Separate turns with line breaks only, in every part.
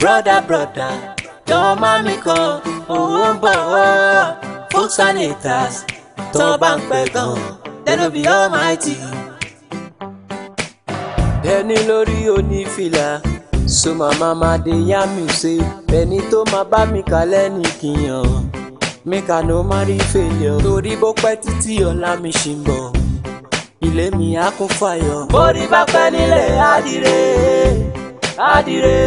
Brother, brother, tọ́mọ mi kan òun ń bọ̀ folk sanitas tó bá ń pẹ́ gan lẹ́nu bí almighty. ẹni lórí onífìlà so màmá máa de yá mi ṣe ẹni tó máa bá mi kalẹ́ ní kìyàn mẹ́ka ló má rí fèlè torí bó pẹ́ títí ọ̀la mi ṣì ń bọ̀ ilé mi á kún fàyọ̀. borí bá pẹ́ nílé adire. adìrẹ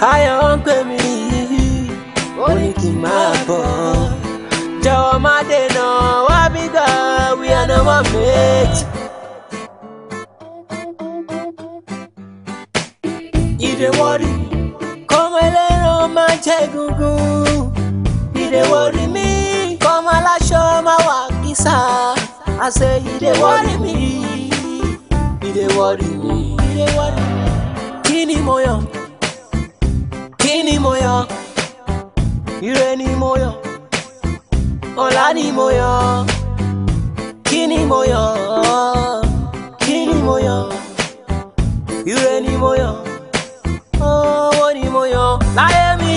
ayọ̀ ń pè mí ó ní kí n máa bọ̀ jọ̀wọ́ má dènà wá mi gbà we are no more mates. Ìdè wọ́rí kọ́mọ ẹlẹ́ran máa jẹ́ gungun ìdè wọ́rí mi kọ́mọ aláṣọ máa wà kísà àṣẹ ìdè wọ́rí mi ìdè wọ́rí mi ìdè wọ́rí mi kí ni mo yàn kí ni mo yan ire ni mo yan ọ̀la ni mo yan kí ni mo yan kí ni mo yan ire ni mo yan owó ni mo yan láyé mi.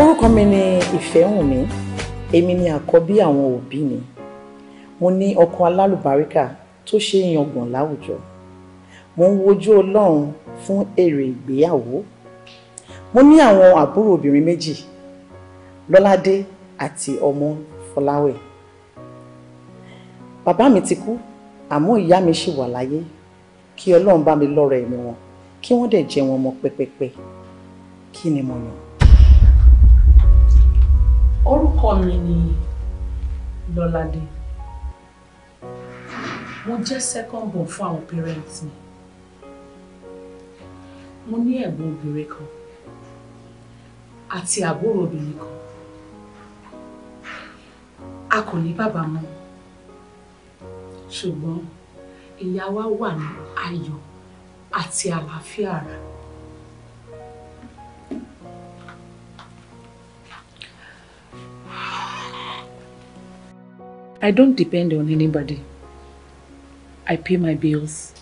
orúkọ mi ni Ìfẹ́wùnmí èmi ni àkọ́bí àwọn òbí mi mo ní ọkọ alálùbáríkà tó ṣe yangàn láwùjọ mo ń wojú ọlọ́run fún èrè ìgbéyàwó mo ní àwọn àbúrò obìnrin méjì lọ́ládé àti ọmọ fọláwẹ̀ bàbá mi ti kú àmọ́ ìyá mi ṣì wà láyé kí ọlọ́run bá mi lọ́rọ̀ ẹ̀mí wọn kí wọ́n dẹ̀ jẹ́ wọn mọ́ pẹpẹpẹ kí ni mo yàn. orúkọ mi ni lọ́ládé mo jẹ́ second born fún àwọn parents mi mo ní ẹ̀gbọ́n obìnrin kan àti àbúrò obìnrin kan a kò ní bàbá mọ́ ṣùgbọ́n ìyá wa wà ní ayọ̀ àti àlàáfíà ara. I don't depend on anybody. I pay my bills.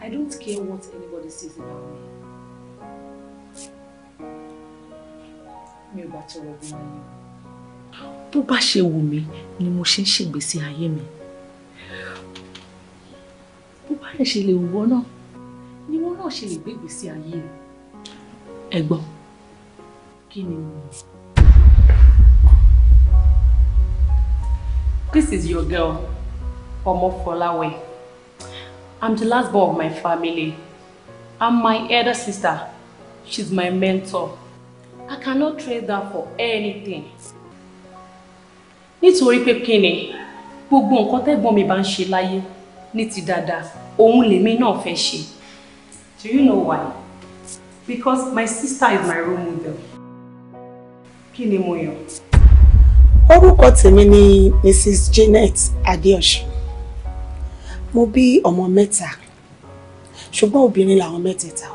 I don't care what anybody says about me. Mi better bá tọrọ bí wọ́n yẹn. Bó bá ṣe wù mí ni mo ṣe ń ṣègbésí ayé mi. Bó bá rẹ̀ ṣe lè wù ni wọ́n náà ṣe lè gbé ìgbésí ayé rẹ̀. Ẹ̀gbọ́n, kí This is your girl. Omo I'm the last boy of my family. I'm my elder sister, she's my mentor. I cannot trade that for anything. Nítorí pé kí ni, gbogbo nǹkan tẹ́gbọ́n mi bá ń ṣe láyé ní ti dáadáa, òun lèmi náà fẹ́ ṣe. Do you know why? Because my sister is my role model. Kí ni mo yàn? Orúkọ tèmi ni Mrs. Janet Adeosun mo bí ọmọ mẹ́ta ṣùgbọ́n obìnrin làwọn mẹ́tẹ̀ẹ̀ta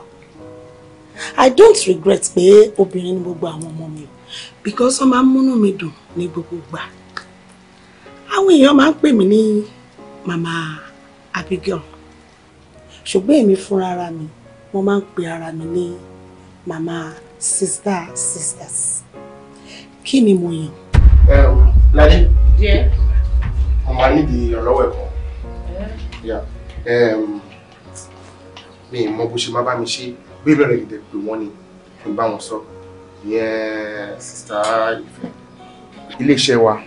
i don't regret pé obìnrin ni gbogbo àwọn ọmọ mi because wọ́n máa ń múnú mi dùn ní gbogbo gbà àwọn èèyàn máa ń pè mí ní màmá Abigail ṣùgbọ́n èmi fúnra ara mi wọ́n máa ń pe ara mi ní màmá sister sisters kí ni mo yàn. ẹ ẹ lajẹ ọmọ a nídìí ìrànlọ́wọ́ ẹ̀kọ́ yeah um, mi ì mọ bó ṣe má bá mi ṣe bí lọ́rẹ̀ lè pè wọ́n ni kí n bá wọn sọ ìyẹn sista ìfẹ́ iléeṣẹ́ wa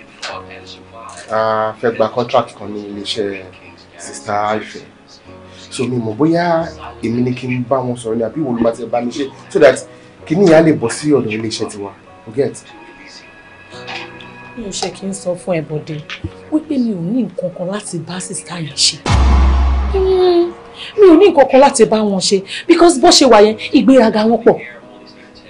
a fẹ́ gba contract kan ní iléeṣẹ́ sista ife. so mi mọ̀ bóyá èmi ni kí n bá wọn sọ̀rọ̀ ni àbí ìwọ ló máa ti bá mi ṣe so that kí ni ìyá lè bọ̀ sí ọ̀dọ̀ iléeṣẹ́ tiwa you get. mi ò ṣe kí n sọ fún ẹ bọ́dẹ wípé mi ò ní nǹkan kan láti bá sista yìí ṣe. Hmm. mi ò ní nǹkan kan láti bá wọn ṣe because bó ṣe wà yẹn ìgbéraga wọn pọ̀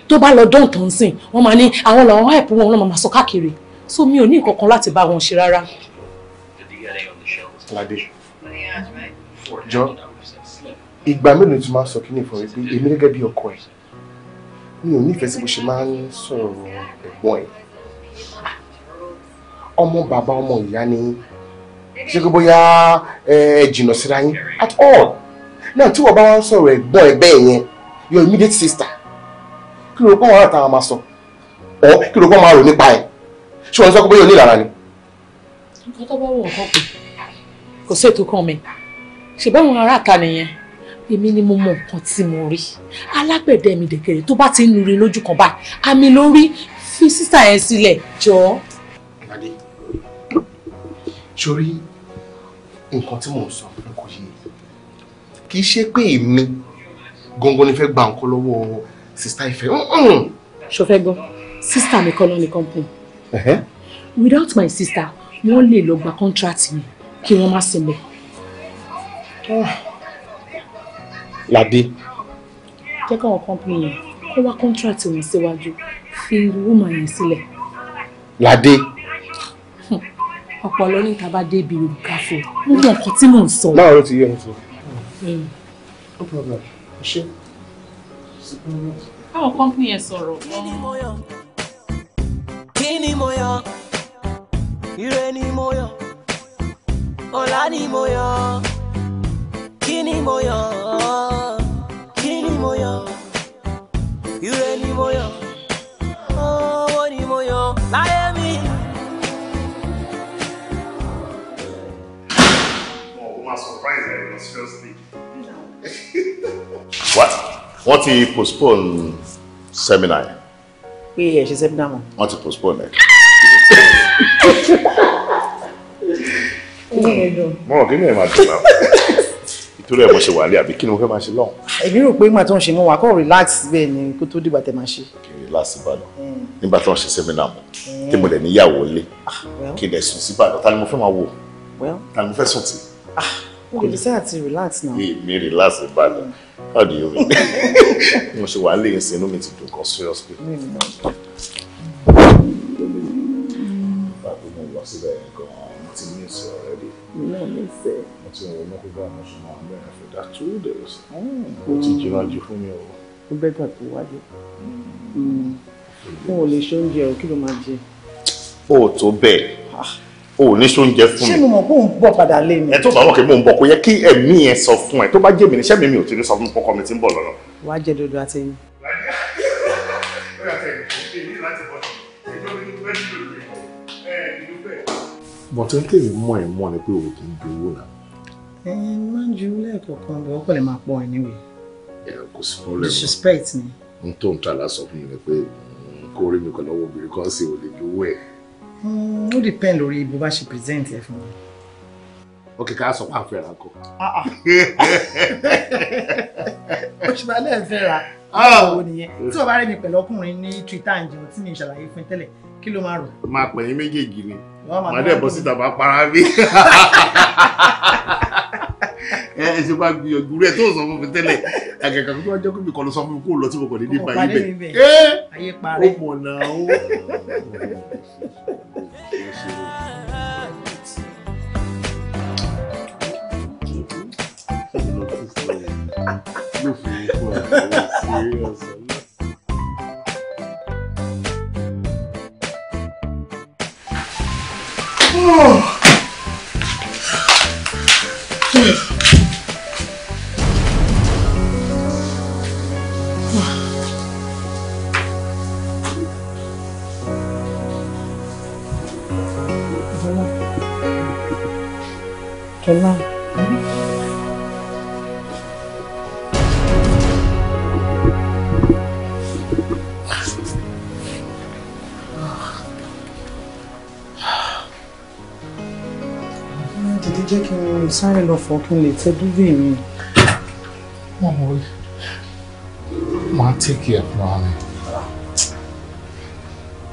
tó bá lọ dán tán sìn wọn máa ní àwọn làwọn hype wọn lọ máa sọ káàkiri so mi ò ní nǹkan kan láti bá wọn ṣe rárá. ládé jọ ìgbà mélòó tí máa sọ kí ni ìfọ̀ rẹ pé èmi gẹ́gẹ́ bí ọkọ ẹ̀ mi ò nífẹ̀ẹ́ sí bó ṣe máa ń sọ̀rọ̀ ẹ̀gbọ́n ẹ̀ ọmọ bàbá ọmọ ìyá ni ṣé kó bóyá ẹ síra yín at all náà tí wọ́n bá wá ń sọ̀rọ̀ ẹ̀gbọ́n ẹ̀gbẹ́ yẹn your immediate sister kí ló pọ́n wọn àtàwọn máa sọ ọ kí ló pọ́n máa rò nípa ẹ̀ ṣé wọ́n sọ pé bóyá onílára ni. nǹkan tó bá wọ̀ ọ̀kan pè kò sí ètò kan mi ṣe báwọn ará àta nìyẹn èmi ni mo mọ nǹkan tí mo rí alágbẹ̀dẹ mi dẹ̀kẹ̀rẹ̀ tó bá ti ń rí lójú kan báyìí àmì lórí fi sísà yẹn sílẹ̀ jọ̀ọ́
sórí nǹkan tí mò ń sọ fún kò yé kì í ṣe pé èmi
gangan ni fẹ́ gba nǹkan lọ́wọ́ sista Ifẹ̀. ṣo gbọ́ sista mi kọ́ ló ní company without my sister wọ́n lè lọ gba contract mi kí wọ́n má sinmi. Ah. Ládé. jẹ́ káwọn company yẹn kó wá contract wọn síwájú fi woman yẹn sílẹ̀. Ládé ọpọlọ ní ìta bá débi òrùka fún un ní ẹ̀kọ́ tí mò ń sọ. báwo ti yẹ ẹ sọ. no problem ṣe. báwo kọ́ńpì yẹn sọ̀rọ̀. kí ni mo yọ
kí ni mo yọ ire ni mo yọ ọ̀la ni mo yọ kí ni mo yọ kí ni mo yọ ire ni mo yọ owó ni mo yọ láyé. máa surprise ẹ̀ lọ seriously.
what wọ́n ti postpone seminar yẹn. pé ẹ ṣe seminar mọ́. wọ́n ti postpone ẹ. mo rò kí ni ẹ máa dùn náà ìtúrò ẹ mo ṣe wà lé àbí kí ni mo fẹ́ máa ṣe lọ́hùn. èmi rò pé ìgbà tó ń ṣe mọ́ wa kọ́ relax bẹ́ẹ̀ ni kó tó dìgbà tẹ̀ máa ṣe. kì í relax ìbàdàn nígbà tó ń ṣe seminar mọ́ tí mo dẹ̀ níyàwó lé ah, kí n dẹ̀ sùn sí ìbàdàn ta ni mo fẹ́ máa wò ta ni mo fẹ́ sùn tì ah n kò decide to relax now. mi relax balẹ̀ how do you mean mo ṣe wàá
lè ṣe inú mi ti dùn kan seriously.
bàbá mi lọ síbẹ̀ yẹn gan-an mo ti miss you already. no miss ẹ. mo ti rò mọ́ pípa mo ṣe máa bẹ̀rẹ̀ for that two days. mo ah. ti jìnnà jù fún mi o. ó bẹ́tà tó wájú. Mm. n ò lè ṣe oúnjẹ
o kí ló máa jẹ.
o ò tó bẹ́ẹ̀. Ah o ò ní sóúnjẹ fún mi. ṣé mo mọ̀
pé òun bọ̀ padà lé mi. ẹ tó bá wọn kì
í mò ń bọ̀ kó yẹ kí ẹ̀mí yẹn sọ fún ẹ tó bá jẹ́ mi níṣẹ́ mi mi ò ti ní sọ fún kọ́kọ́ mi ti ń bọ̀ lọ́nà. wàá jẹ dodo àtẹyìn. bọ̀tẹ́ ń tèmi mọ́ ẹ̀ mọ́ ni pé òun kì í gbowó náà. ẹ máa ń ju lẹ́ẹ̀kọ̀ọ̀kan bọ̀ ọkọ̀ lè máa pọ̀ ẹ̀ níwèé. kò sí fún lẹ́nu. disrespect ni. n tó ń ta lásọ fún mi ni pé mm, kó rí mi pẹ̀lú ọwọ́ obìnrin kan sí òde gbowó ẹ̀. Mm, ó depend lórí bó bá ṣe present ẹ fún mi. ó kì ká sọ pé àfẹ́ra kọ. Ah, ah. ó ṣe máa lẹ́ẹ̀ fẹ́ra ah. báwo nìyẹn tí o bá rí mi pẹ̀lú ọkùnrin ní twitter ń jẹun tí mi ṣàlàyé fún tẹ́lẹ̀ kí ló máa rò.
máa pẹ̀yìn méjèèjì ni màá dẹ̀ bọ́ síta bá para mi. ẹ ẹ ṣe máa gbìyànjú rẹ tó sọ fún mi tẹ́lẹ̀ àgàgà
tó wá jẹ́ kó mi kọ́ lọ sọ fún mi kó lọ tí mo kọ̀ ní nípa yìí
bẹ̀ ẹ́ ó mọ̀ náà ó. o sea.
Oh. Jọlá. Dìde jẹ́ kí n sáré lọ fọ̀ kí n lè tẹ́ dúvé mi. Wọ́n mọ̀ wí, máa tẹ́kì ẹ̀ fúnra mi.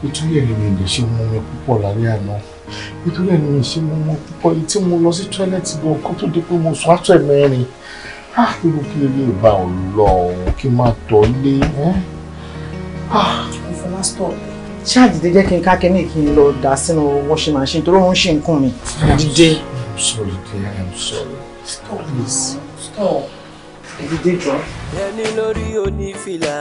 Ìtúyẹ̀ ni mi lè ṣe mú mi púpọ̀ lálẹ́ nítorí ẹni mi ṣe mo mọ púpọ̀ èyí tí mo lọ sí tọ́ẹ́lẹ̀tì gan kó tó di pé mo sùn àtọ̀ mẹ́rin ah irú kí lè bá ọ lọ òun kí n máa tọ́ ilé ah. ìfọlástọ̀ ṣáà dìde kí n ká kíní kí n lọ dà sínú washing machine torí òun ṣe nǹkan mi dìde. I'm
sorry dear I'm sorry stop please stop dìde jọ.
ẹni lórí onífìlà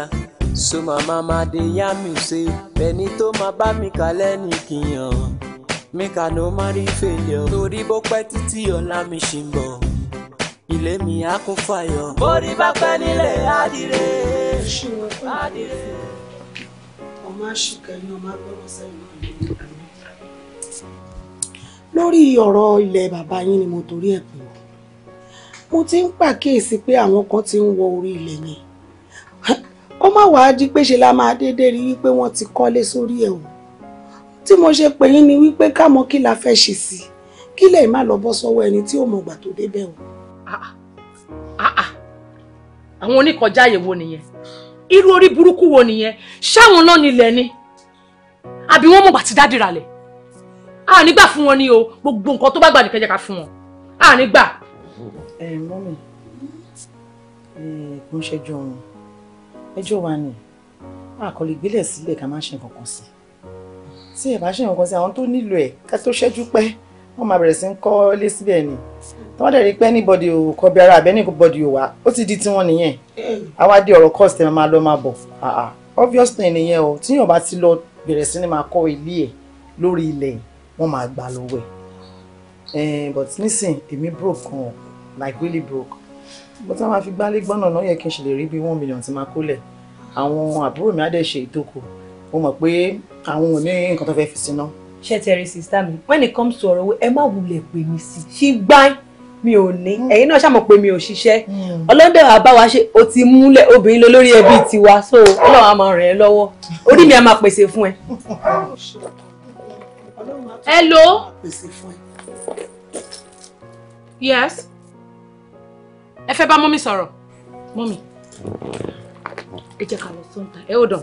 so màmá máa dé yá mi ṣe ẹni tó máa bá mi kalẹ́ ní kíyàn make i no marry failure torí bó pẹ́ títí ọ̀la mi ṣì ń bọ̀ ilé mi á kún fàyọ̀ borí bá pẹ́ nílé
adìrẹ. ọmọ àṣìkà ni ọmọ agbọ́dọ̀
sẹ́yìn
náà lórí ọ̀rọ̀ ilẹ̀ bàbá yín ni mo torí ẹ̀ pé mo ti ń pàkíyèsí pé àwọn kan ti ń wọ orí ilẹ̀ yẹn ó má wàá di pé ṣe la máa déédéé rí wípé wọ́n ti kọ́lé sórí ẹ̀ o tí mo ṣe pè yín ni wípé ká mọ kí la fẹ́ ṣe sí i kí lè má lọ bọ́ sọ́wọ́ ẹni tí ò mọ̀ gbà tó débẹ̀ o. Ah, ah, ah, àwọn oníkọjá àyẹ̀wò nìyẹn irú orí burúkú wo nìyẹn ṣáwọn náà nílẹ̀ ni àbí wọ́n mọ̀ gbà ti dádìrà lẹ̀ a ní gbà fún wọn ni o gbogbo nǹkan tó bá gbà ní kẹjẹ ká fún wọn a ní gbà. ẹ mọ́mì kò ń ṣẹjọ́ wọn ẹjọ́ wa ni a kò lè gbélẹ̀ sílẹ̀ ká má ṣe nǹkan kan sí i tí ẹ bá ṣe nǹkan sí àwọn tó nílò ẹ ká tó ṣẹ́jú pẹ́ wọ́n máa bẹ̀rẹ̀ sí ń kọ́ lé síbẹ̀ ni tọ́wọ́n dẹ̀ rí pé anybody ò kọbi ara àbẹ́ anybody ò wá ó ti di tiwọn nìyẹn àwa dé ọ̀rọ̀ cost ẹ̀ máa lọ máa bọ̀ obvious thing nìyẹn o tíyàn bá ti lọ bẹ̀rẹ̀ sí ni máa kọ́ ilé ẹ̀ lórí ilẹ̀ wọ́n máa gbà lọ́wọ́ ẹ̀ eh, but nísìn èmi broke kan like really broke bó tá a máa fi gbálé gbọ́nà náà yẹ kí n ṣe lè rí bí one million ti máa kólẹ̀ àwọn àbúrò mi á dẹ̀ ṣe ìtókò mo mọ̀ pé àwọn ò ní nǹkan tó fẹ́ fi sí náà. ṣé ti ẹ̀rí sista mi when it comes to ọ̀rọ̀ owó ẹ má wulẹ̀ pè mí sí ṣí gbáìn mi ò ní mm. ẹ̀yin náà ṣàmọ̀ pé mi ò ṣiṣẹ́ mm. ọlọ́dẹ̀ wa bá wa ṣe o ti múlẹ̀ obìnrin lọ lórí ẹbí oh. tiwa so ọlọ́run á máa ràn ẹ́ lọ́wọ́ orí mi á máa pèsè fún ẹ. hello. yes ẹ fẹ́ bá mọ́mí sọ̀rọ̀ mọ́mí ẹ jẹ́ ká lọ sọ́ńtà ẹ ò dàn.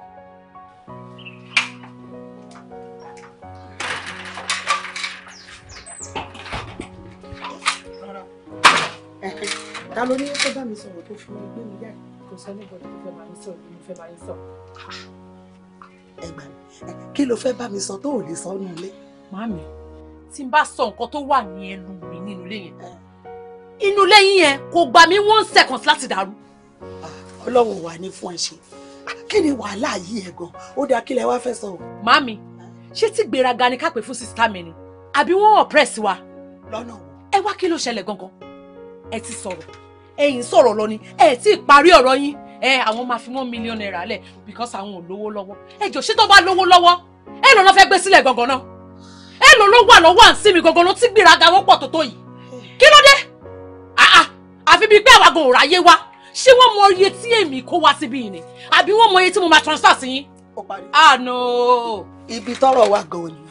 ta ló ní kó bá mi sọ̀rọ̀ tó fún mi gbé mi yá kò sọ ní bọ́dọ̀ tó fẹ́ mi sọ̀rọ̀ mo fẹ́ bá mi sọ̀rọ̀. ẹ gbà mí kí ló fẹ́ bá mi sọ tó ò lè sọ nù ilé. màmí tí n bá sọ nǹkan tó wà ní ẹnu mi nínú ilé yẹn inú ilé yín yẹn kò gbà mí one second láti dàrú. Ah, ọlọ́run wa ní fún ẹ ṣe ah, ni wàhálà yìí ẹ gan ó dáa kí lẹ wá fẹ́ sọ o. màmí ṣé tí gbéraga ni ká pè fún sísítà mi ni àbí wọ́n oppress wa. lọ́nà wo. ẹ wá kí ló ṣẹlẹ̀ gangan ẹ ti sọ̀rọ̀ ẹ̀yin sọ̀rọ̀ lọ ni ẹ ti parí ọ̀rọ̀ yín ẹ àwọn máa fi mọ́ mílíọ̀n náírà lẹ̀ because àwọn ò lówó lọ́wọ́ ẹ jọ ṣé tó bá lówó lọ́wọ́ ẹ lọ lọ fẹ́ gbé sílẹ̀ gangan náà ẹ lọ ló wà lọ́wọ́ àǹsí mi gangan ló ti gbéraga wọ́pọ̀ tó tó yìí kí ló dé àfi bíi pé àwàgàn ò ráyé wá ṣé wọ́n mọ iye tí èmi kó wá síbí yìí ni àbí wọ́n mọ iye tí mo máa transfer sí yín. ó parí. ah no. ibi tọrọ wa gan-an ni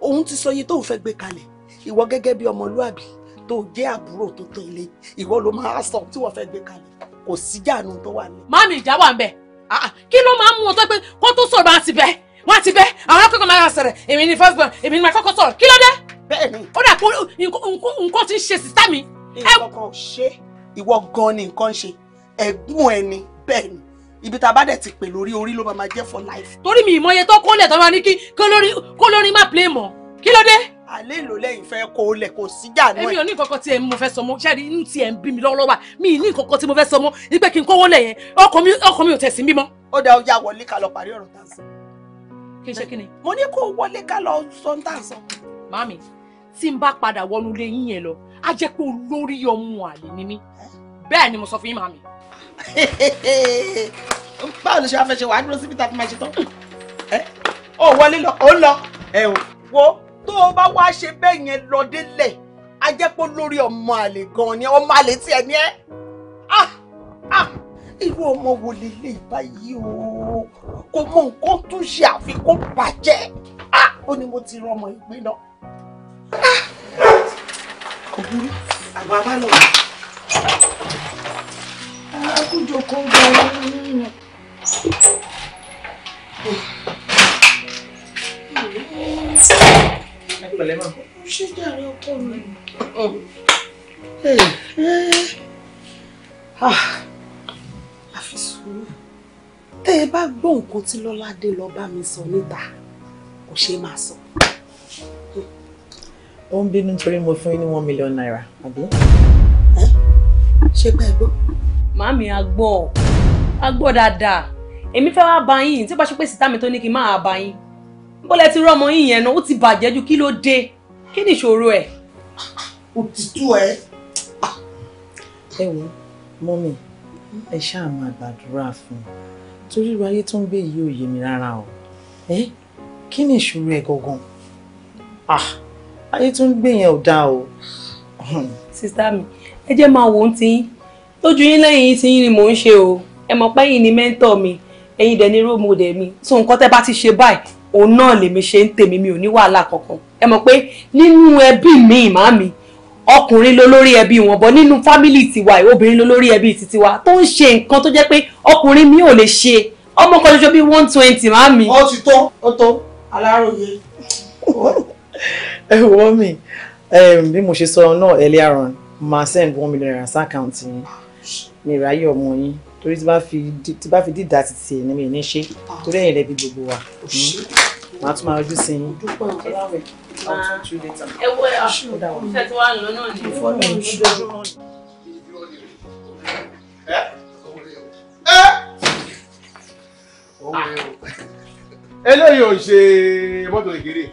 òun ti sọ iye tóun fẹ́ gbé kalẹ̀ ìwọ gẹ́gẹ́ bí ọmọlúàbí tó jẹ́ àbúrò tó tó ilé ìwọ ló máa sọ tí wọ́n fẹ́ gbé kalẹ̀ kò sí jáàánú tó wà ní. mami ìjà wà ń bẹ ah, kí ló máa ń mú ọ tó pé kó tó sọ̀rọ̀ bá ti bẹ́ wọ́n ti bẹ́ àwọn akẹ́kọ̀ọ́ máa sọ̀rọ̀ èmi ni first born èmi ni màá kọ́kọ́ sọ̀rọ̀ kí ló dé. bẹ́ẹ̀ni ó dà pé nǹkan ti ń ṣe sísá mi. nǹkan kan ò ṣe ìwọ ibi tá a bá dẹ̀ ti pè lórí orí ló máa jẹ́ for life. torí mi ìmọye tó kólẹ̀ tó máa ní kí kólórin má play mọ́ kí ló dé àlẹ́ ìlò lẹ́yìn fẹ́ kó lẹ̀ kó sí jà náà. èmi ò ní nǹkan kan tí mo fẹ́ sọ mọ́ ṣáàrí ní tiẹ̀ ń bí mi lọ́wọ́lọ́wọ́ mi ní nǹkan kan tí mo fẹ́ sọ mọ́ ní pé kí n kówó lẹ̀ yẹn ọkọ mi ò tẹ̀sí mímọ́. ó dá ọjà wọlé ká lọ parí ọ̀rọ̀ tá à ń sọ. kí n ṣe kí ni. mo ní kó wọlé ká lọ sọ tá à ń sọ. màmí tí n bá padà wọnú lé yín yẹn lọ á jẹ́ pé olórí ọmọ àlè ni mí bẹ́ẹ̀ ni mo sọ fún yín màmí. báwo tó o bá wá ṣe bẹ́ẹ̀ yẹn lọ délẹ̀ a jẹ́ pé lórí ọmọ àlè gan ni ọmọ àlè tiẹ̀ ni ẹ́ ah ah irú ọmọ wo lélẹ̀ báyìí o kò mọ nǹkan tó ṣe àfikún bàjẹ́ ah ó ní mo ti rán ọmọ ìgbín náà ah kò kan gbọ́ ọ́ nínú. pẹ̀lẹ́ mà. ṣé jàre ọkọ mi. àfi sùúrù tẹ́ ẹ bá gbọ́ nǹkan tí lọ́ládé lọ bá mi sọ níta kò ṣeé máa sọ. ó ń bínú torí mo fún yín ní one million naira àbí. ṣé pẹ́ gbọ́. màámi a gbọ́ a gbọ́ dáadáa èmi fẹ́ wá bá yín tí ó bá ṣe pé sítámi tó ní kí n máa bá yín bó lẹ ti rọmọ yín yẹn náà ó ti bàjẹ́ ju kí ló dé kí ni ìṣòro ẹ̀. ó ti tú ẹ. ẹ wo mọ́mì ẹ ṣáà máa gbàdúrà fún un torí irú ayé tó ń gbé yìí ò yé mi rárá o ẹ kí ni ìṣòro ẹ gangan ah, ayé tó ń gbé yẹn ò dáa o. sísá mi ẹ jẹ́ máa wò ó ti yín lójú yín lẹ́yìn yín ti yín ni mò ń ṣe o ẹ mọ̀ pé yín ni mẹ́ńtọ̀ mi ẹ̀yin dẹ̀ ni róòmù dẹ̀ mi so nǹkan tẹ́ bá ti ṣe báyìí òun náà lèmi ṣe ń tèmi mi ò ní wàhálà kankan ẹ mọ̀ pé nínú ẹbí mi màámi ọkùnrin ló lórí ẹbí wọn bọ nínú fámìlì tiwa obìnrin ló lórí ẹbí tiwa tó ń ṣe nǹkan tó jẹ́ pé ọkùnrin mi ò lè ṣe ọmọ kan ṣoṣo bíi one twenty màámi. ó ti tó ó tó aláròye. ẹ wọ́n mi bí mo ṣe sọ náà earlier on máa send one million naira sí àkáǹtì yín mi ráyè ọmọ yín torí tí bá fi tí bá fi dídá ti tì ní mi ní ṣe ah. torí ẹ̀yìn rẹ̀ bí gbogbo wa hmm. màá tún máa ojú sí yín. ẹ wọ ẹ ọ̀ṣun ìfẹ́ tí wàá lọ náà ní ìfọ́nà ojoojúmọ́. ẹ ẹ eléyìí ò ṣe mọ́tò ìkéré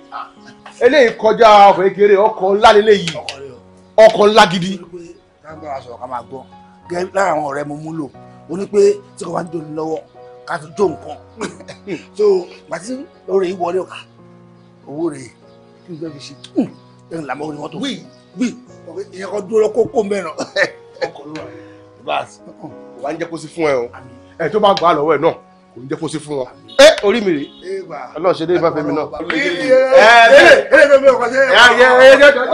eléyìí kọjá ọkọ̀ ìkéré ọkọ̀ ńlá lélẹ́yìí ọkọ̀ ńlá gidi. lára àwọn ọ̀rẹ́ mo múlò ó ní pé tí kò bá ń dòní lọ́wọ́ ká tó jó nǹkan so gbàtí lórí yìí wọlé ọ̀ka owó rẹ̀ kí n fẹ́ fi ṣe ẹ̀rìn làmọ́ ni wọ́n tó wí wí ìyẹn kan dúró kókó mẹ́ràn ọkọ̀ ló
wà ní. bas
kò ń jẹ́ kó sí fún ẹ o ẹ tó bá gbà á ẹ náà kò ń jẹ́ kó sí fún wọn. ẹ orí mi rè ọlọ́run ṣe déyìí bá mi náà.
ẹ ẹ
ẹ ẹ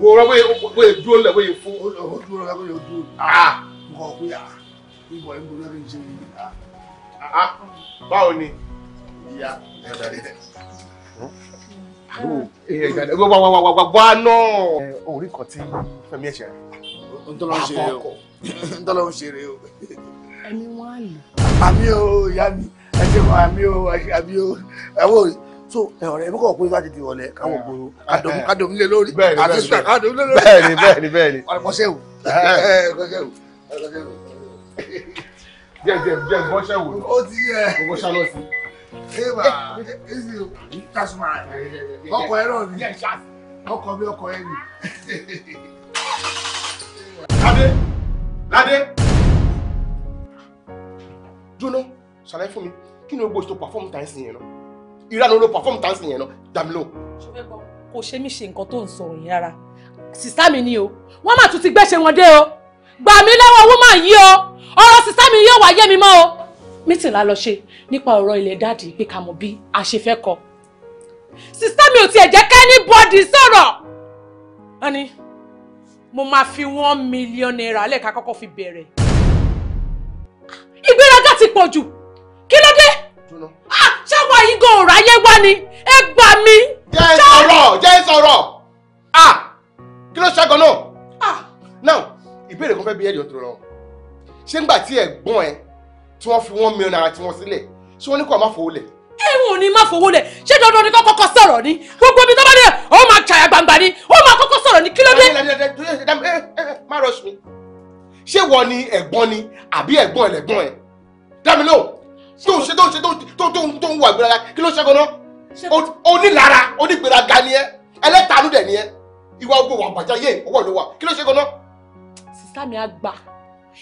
wo rẹ wo ye dúró lẹ wo ye fún. o dúró lẹ wo ye dúró. ah nǹkan ọ̀gbìn
ìwà ìgbóná ló ń ṣe yìí. báwo ni ìyá wà náà. orí kan tí Fẹ́mi ẹsẹ rẹ. ntọ́lọ́ ń ṣe rẹ o ntọ́lọ́ ń ṣe rẹ o.
ẹni wọn
á lò. àmì o ìyá mi ẹsẹ àmì o àmì o ẹwọ so ọ̀rẹ́ ẹbí kọ pé bá ti di ọ̀lẹ káwọn gbòòrò kàdọmù kàdọmù lé lórí àti sùn kàdọmù lé lórí. bẹ́ẹ̀ni bẹ́ẹ̀ni bẹ́ẹ̀ni. ọ̀rẹ́ kọsẹ wò.
kọsẹ wò.
díẹ̀ díẹ̀ díẹ̀ bọ́ṣẹ́ wò ó ti yẹ gbogbo ṣá lọ sí. eba ezi tasuma ọkọ ẹ náà ni ọkọ mi ọkọ ẹ ni. ládé ládé jóná ṣàlàyé fún mi kí ni o gbóṣe tó pàfọ́ọ̀mù tá à yẹn náà ìranu ló pàfọ́ọ̀mù tá à yẹn náà dàmínú. kò ṣe mí ṣe nǹkan tó ń sọ òyìn rárá sísá mi ni o wọ́n mà tún ti gbẹ́sẹ̀ wọn dé o gbà mí lọ́wọ́ woman yìí o ọ̀rọ̀ sísá mi yóò wá yé mi mọ́ o mítìn la lọ ṣe nípa ọ̀rọ̀ ilẹ̀ dáàdì pé ká mọ̀ bí a ṣe fẹ́ kọ sísá mi ò tiẹ̀ jẹ́ kẹ́ni bọ́dì sọ̀rọ̀ wọ́n ní mo máa fi one million naira lẹ́ẹ̀ka kọ́kọ́ fi bẹ̀rẹ̀ ìgbéraga ti pọ̀ jù kí ló dé ah, ṣáwa yìí gan ọ̀rọ̀ ayé wá ni ẹ gbà mí. jẹ́ sọ̀rọ̀ jẹ́ sọ̀rọ̀ ah, kí ló ṣàgàn náà ah ìbéèrè kan fẹ́ bí ẹ̀jọ̀ tó lọ ṣé ńgbà tí ẹ̀gbọ́n ẹ tí wọ́n fi wọ́n mílíọ̀nù náírà tí wọ́n sílẹ̀ ṣé wọ́n ní kó má fowó lẹ̀. ẹ̀wọ̀n ò ní má fowó lẹ̀ ṣé dandan ni kọ́kọ́ kọ́ sọ̀rọ̀ ni gbogbo ibi tó bá dé ọ máa ṣàyà gbangba ni ọ máa kọ́kọ́ sọ̀rọ̀ ni kí ló dé. má rush mi ṣé wọ́n ni ẹ̀gbọ́n ni àbí ẹ̀gbọ́n ẹ̀lẹ́gbọ́n ẹ̀ dámilò tó ń ṣe tó ń ṣe tó ń wà ìgbéraga kí ló ṣẹ́gun náà onílara onígbéraga ni ẹ ẹlẹ́tanú dẹ̀ ni ẹ ìwà ogbó wà bàjẹ́ yé ọwọ́ ló wà kí ló ṣẹ́gun náà sista mi á gbà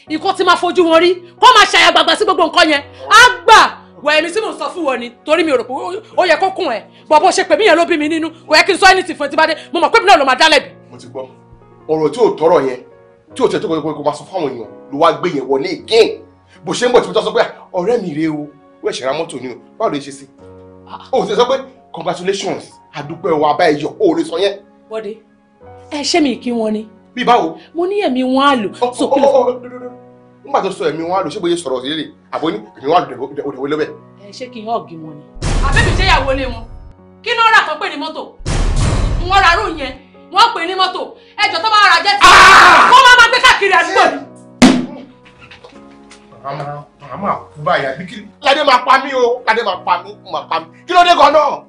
ikọ́ tí máa fojú wọn rí kó máa ṣàyàgbàgbà sí gbogbo nǹkan yẹn á wẹ̀ ẹni tí mò ń sọ fún wọn ni torí mi ò rò pé ó yẹ kó kún ẹ bọ̀ bó ṣe pè mí yẹn ló bí mi nínú kò yẹ kí n sọ ẹni tì fún ẹ tí bá dé mo mọ̀ pé mi náà ló máa dálẹ̀ bí. mo ti gbọ́ ọ̀rọ̀ tí ò tọrọ yẹn tí ò tẹ̀ tó kọ́ kó máa sọ fáwọn èèyàn ló wá gbé yẹn wọlé again bó ṣe ń bọ̀ tí mo sọ pé ọ̀rẹ́ mi rèé o ó ẹ̀ṣẹ̀ ra mọ́tò ni o báwo lè ṣe sí o ò sì sọ pé congratulations àdúpẹ́ wa abáyẹyọ o ò lè sọ yẹn. bọ́dé ẹ ṣé mi kí wọn ni bí báwo. mo ní ẹ̀mí wọn àlò. nígbà tó sọ ẹ̀mí wọn àlò ṣé bóyá sọ̀rọ̀ sí lè àbò ní ẹ̀mí wọn àlò òdòwó lọ́bẹ̀. ẹ ṣé kí n yọ ọ̀gì wọn ni. àbẹ́bí jẹ́ ìyàwó lé wọn kí ló rà kán pè ní mọ́tò wọn rà rò yẹn wọn pè ní mọ́tò ẹjọ́ tó máa rà jẹ́ ti kó máa máa gbé káàkiri àdúgbò ni. màmá kú báyà bí kí ládé máa pa mí o ládé máa pa mí máa pa mí kí ló dé gan náà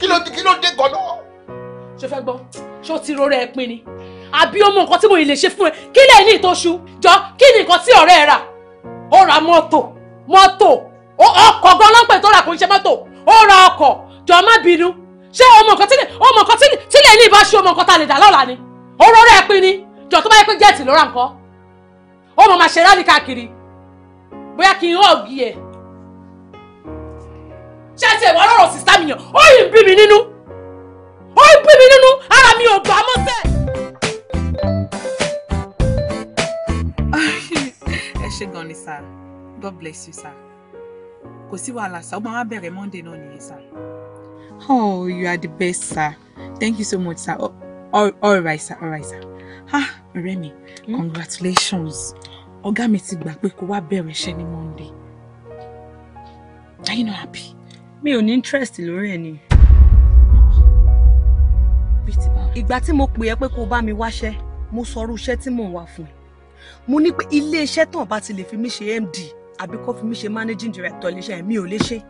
kí ló dé gan náà. ṣé fẹ́ gbọ́ ṣé o ti rọrẹ́ pin ni àbí ó mọ nǹkan tí mo lè ṣe fún ẹ kí lè ní ìtọ́ṣu jọ kí ni nǹkan tí ọ̀rẹ́ ẹ rà ó ra mọ́tò mọ́tò ọkọ̀ gan lọ́pẹ̀ tó rà kò ń ṣe mọ́tò ó ra ọkọ̀ jọ má bínú ṣé ọmọ nǹkan tí ọmọ nǹkan tí lè ní ìbáṣe ọmọ nǹkan tá a lè dà lọ́la ni ó rọrọ́ ẹ pín ni jọ tó bá yẹ pé jẹ́ẹ̀tì ló ra nǹkan ó mọ̀ máa ṣe rálì káàkiri bóyá kí n ọ̀gì ẹ̀ ṣé ẹ ti ẹ̀wọ̀ ọlọ́rọ̀ sísá mi yàn ó yìí bí mi nínú ó yìí bí mi nínú ara mi ò gbà á mọ́sẹ̀. ṣe gan ni sir god bless you sir kò sí wàhálà sir ó máa bẹ̀rẹ̀ monday náà nìyẹn sir. oh you are the best sir thank you so much sir all, all, right sir all right sir Ha, ah, Remi, mm? congratulations ọ̀gá mi ti gbà pé kó wá bẹ̀rẹ̀ iṣẹ́ ní monday are you not happy. mi ò ní interest lórí ẹ̀ ni. ìgbà tí mo pè ẹ́ pé kó o bá mi wáṣẹ́ mo sọ irú tí mò ń wá fún ẹ mo ní pé iléeṣẹ́ tán bá ti lè fi mí ṣe md àbí kó fi mí ṣe managing director iléeṣẹ́ mi ò lè ṣe.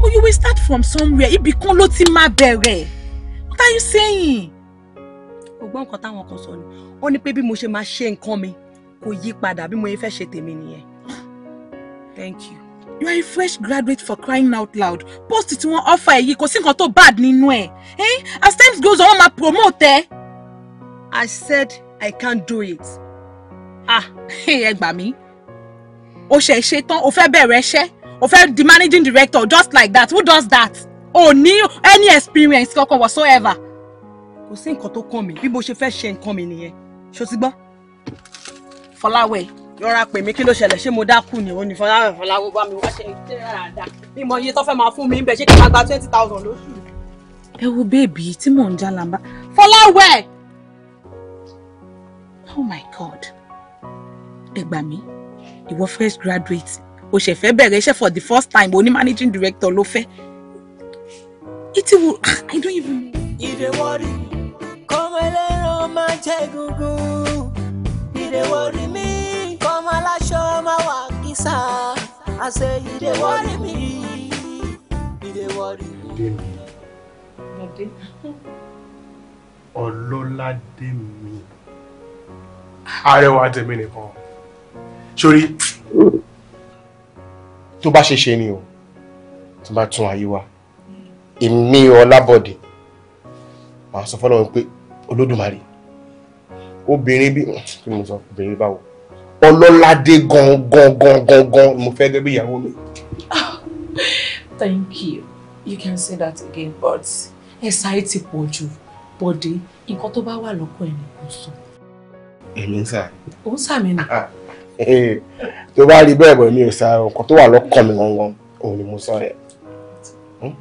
mo you will start from somewhere ibì kan ló ti máa bẹ̀rẹ̀ what are you saying. ògbọ́n nǹkan táwọn kan sọ ni wọ́n ní pé bí mo ṣe máa ṣe nǹkan mi kò yí padà bí mo fẹ́ ṣe tèmi nìyẹn. thank you. you are a fresh graduate for crying out loud post tí wọ́n offer èyí kò sí nǹkan tó bad nínú ẹ̀ eh? as times goes on wọ́n máa promote ẹ. i said I can't do it. ah ẹ gbà mí o ṣe ṣe tán o fẹ́ bẹ̀rẹ̀ iṣẹ́ o fẹ́ di managing director just like that who does that o ní any experience kankan whatsoever kò sí nǹkan tó kàn mí bí mo ṣe fẹ́ ṣe nǹkan mi nìyẹn ṣó ti gbọ́ Fọláwẹ̀ yọra pè mí kí ló ṣẹlẹ̀ ṣé mo dákú ni òun ni Fọláwẹ̀ Fọláwẹ̀ bá mi wá ṣe iṣẹ́ dáadáa bí mo iye tó fẹ́ máa fún mi bẹ ṣé kí n máa gba twenty thousand lóṣù. ẹ wo bẹ́ẹ̀bì tí mò ń jà lámbá Fọláwẹ̀ oh my god ẹ mi, mí ìwọ fresh graduate o ṣẹ̀ fẹ́ bẹ̀rẹ̀ iṣẹ́ for the first time o ní managing director ló fẹ́ iti wo i don't even
ìdè wọ́ọ̀rì kọ́mọ ẹlẹ́ran máa jẹ́ egungun ìdè wọ́ọ̀rì mi kọ́mọ aláṣọ máa wà kísà àṣẹ ìdè wọ́ọ̀rì mi ìdè wọ́ọ̀rì
mi. ọlọ́ládé mi arẹwà tèmi nìkan sórí tó bá ṣe ṣe ni o tó bá tún ayé wa èmi ọlábọ̀dé màá sọ fọlọ́run pé olódùmarè obìnrin bí kí ni mo sọ obìnrin báwo ọlọ́ládé gan gan gan gan gan mo fẹ́ gẹ́gẹ́ ìyàwó mi. thank you you can say that again but ẹ̀sà ẹ̀ ti pọ̀ jù bọ́dé nǹkan tó bá wà lọ́kàn ẹ̀ ni kò sọ èmi ń sà. ó ń sà mí nà. tó bá rí bẹ́ẹ̀ bọ̀ mi ò sa nǹkan tó wà lọ́kàn mi gangan òun ni mo sọ yẹn. Hmm?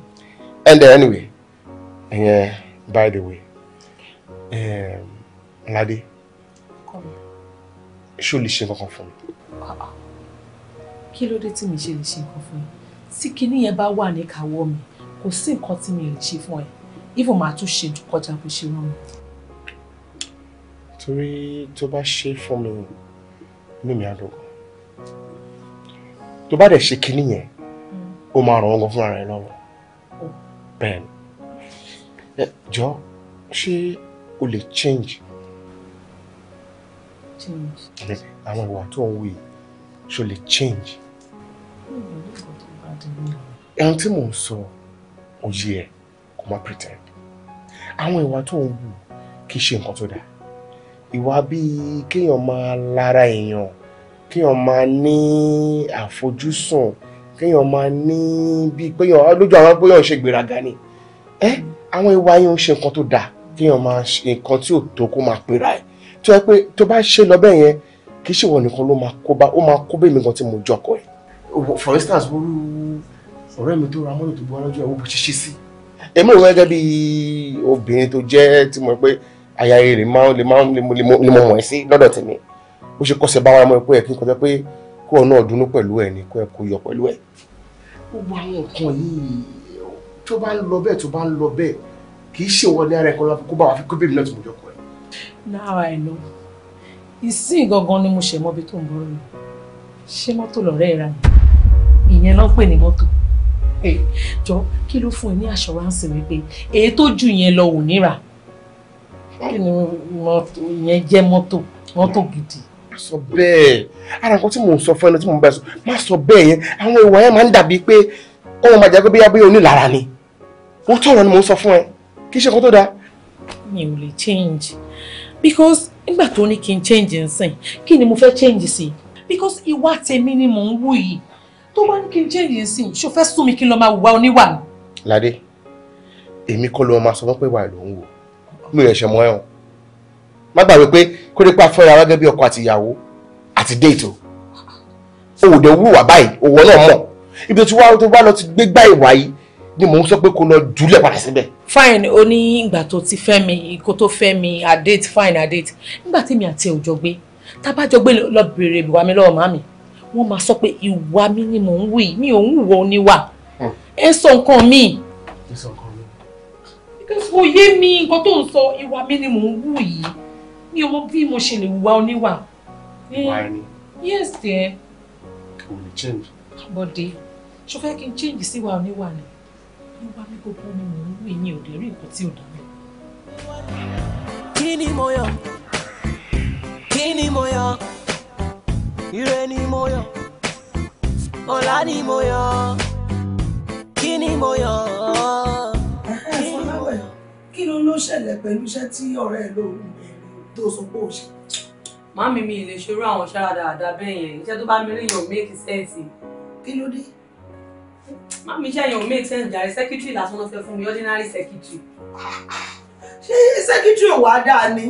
and anyway ìyẹn by the way
ehm, Ládé ṣó lè ṣe kankan fún mi.
Ah, ah. kí ló dé tí mi ṣe lè ṣe nǹkan fún yín tí kinní yẹn bá wà níkàáwọ́ mi kò sí nǹkan tí mi lè ṣe fún ẹ even màá tún ṣe jù kọjá ṣe rán mi torí tó bá ṣe fún mi inú mi á dùn tó bá dẹ̀ ṣe kinní yẹn ó máa ràn wọ́n gan fúnra rẹ̀ lọ́wọ́
bẹ́ẹ̀ ni jọ ṣé o lè change
change
àwọn ìwà tó ń wí
ṣo lè change ẹran tí mò ń sọ òye ẹ kò má pretend àwọn ìwà tó ń wù kì í ṣe nǹkan tó dáa ìwà bíi kéèyàn máa lára èèyàn kéèyàn máa ní àfojúsùn kéèyàn máa ní bíi péyàn lójú àwọn péyàn ṣe gbéraga ni ẹ àwọn ìwà yẹn ń ṣe nǹkan tó dáa kéèyàn máa ṣe nǹkan tí ò tó kó máa pera ẹ tó yẹ pé tó bá ṣe lọ bẹ́ẹ̀ yẹn kì í ṣèwọ nìkan ló máa kó bá ó máa kó bẹ́ẹ̀ mi gan tí mo jọkọ ẹ.
for instance wọ́n ọ̀rẹ́ mi tó ra mọ́tò tó bọ́
lọ́jọ́ ìwọ́n bó ṣe ṣe sí. èmi ò wọ́n gẹ́gẹ́ obìnrin tó jẹ́ tí mo pé aya rẹ lè máa lè máa lè mọ wọn ẹ sí lọ́dọ̀ tèmi ó ṣe kọsẹ̀ báwa mọ ẹ̀kọ́ ẹ kí n kọjá pé kó ọ náà dunú pẹ̀lú ẹ ní kó ẹ kó yọ pẹ̀lú ẹ. gbogbo àwọn nǹkan yìí tó bá ń lọ bẹ́ẹ̀ tó bá ń lọ bẹ́ẹ̀ kì í ṣe ìwọ ní ara ẹ̀kọ́ lọ́wọ́ kó bá wà fi kó bèbí náà tó mú jọ kọ ẹ. now I know ìsìn gangan ni mo ṣe mọbi tó ń bọ̀ lọ ṣé mọ́tò lọ́rẹ́ ìra mi ìyẹn ló pè ní mọ́tò jọ kí ló fún ẹ ní àṣọwáǹsì wípé èyí tó ju ìyẹn lọ ò níra báwo ni ìyẹn jẹ́ mọ́tò mọ́tò gidi. má sọ bẹ́ẹ̀ ara nǹkan tí mò ń sọ fún ẹni tí mò ń bá sọ má sọ bẹ́ẹ̀ yẹn àwọn ìwà yẹn máa ń dàbí pé ó máa jẹ́ pé bí abẹ́yẹ onílára ni wọ́n tọ̀rọ̀ ni mò ń sọ fún ẹ kì ṣe kó tó dáa. mi ò lè change because nígbà tó ní kí n change nsìn kí ni mo fẹ́ change sí because ìwà tèmi ni mò ń wù yìí tó bá ní kí n change nsìn ṣo fẹ́ sún mi kí n lọ máa wùwà oníwà. Ládé èmi kọ́ ló máa sọ fún pé wà ló ń wò mi ò ẹ̀ṣẹ̀ mọ́ ẹ̀ o má gbàgbé pé kó dé pa fẹ́ra rẹ́gẹ́ bí ọkọ àti ìyàwó àti déètò òwòdè wúwà báyìí òwò náà mọ̀ ibi tí wàá tó bá lọ ti gbé gbá ìwà yìí ni mò ń sọ pé kó lọ jùlẹ̀ padà síbẹ̀. fine ó ní ìgbà tó ti fẹ́ mi kó tó fẹ́ mi a date fine a date nígbà tí mi àti ẹ̀ ò jọ gbé tá a bá jọ gbé lọ bèrè ìwà mi lọ́wọ́ màmí wọ́n máa sọ pé ìwà mi ni mò ń wù yìí ò ń wù ọ́ níwà hmm. ẹ sọ nǹkan míì. ẹ sọ nǹkan kò yé mi nǹkan tó ń sọ ìwà mi ni mò ń wù yìí mi ò mọ bí mo ṣe lè wà oníwà. wà á ní. yes dear.
kò lè change.
àbọ̀dé ṣo fẹ́ kí n change sí wa oníwà ni ìwà mi gbogbo ni mò ń wù yìí mi ò dé rí nǹkan tí ò dáná.
kí ni mo yọ kí ni mo yọ ire ni mo yọ ọ̀la ni mo yọ kí ni mo yọ
ló ṣẹlẹ̀ pẹ̀lú iṣẹ́ tí ọ̀rẹ́ ẹ̀ ló ń bẹ̀rẹ̀ tó sọ pé ó ṣe. màmí mi lè ṣerú àwọn ṣáradà àdá bẹ́ẹ̀ yẹn iṣẹ́ tó bá mi rí yàn make sense. kí ló dé. màmí iṣẹ́ yàn make sense jàre secretary lásán ló fẹ́ fún mi ordinary secretary. ṣé secretary ò wá dáa ni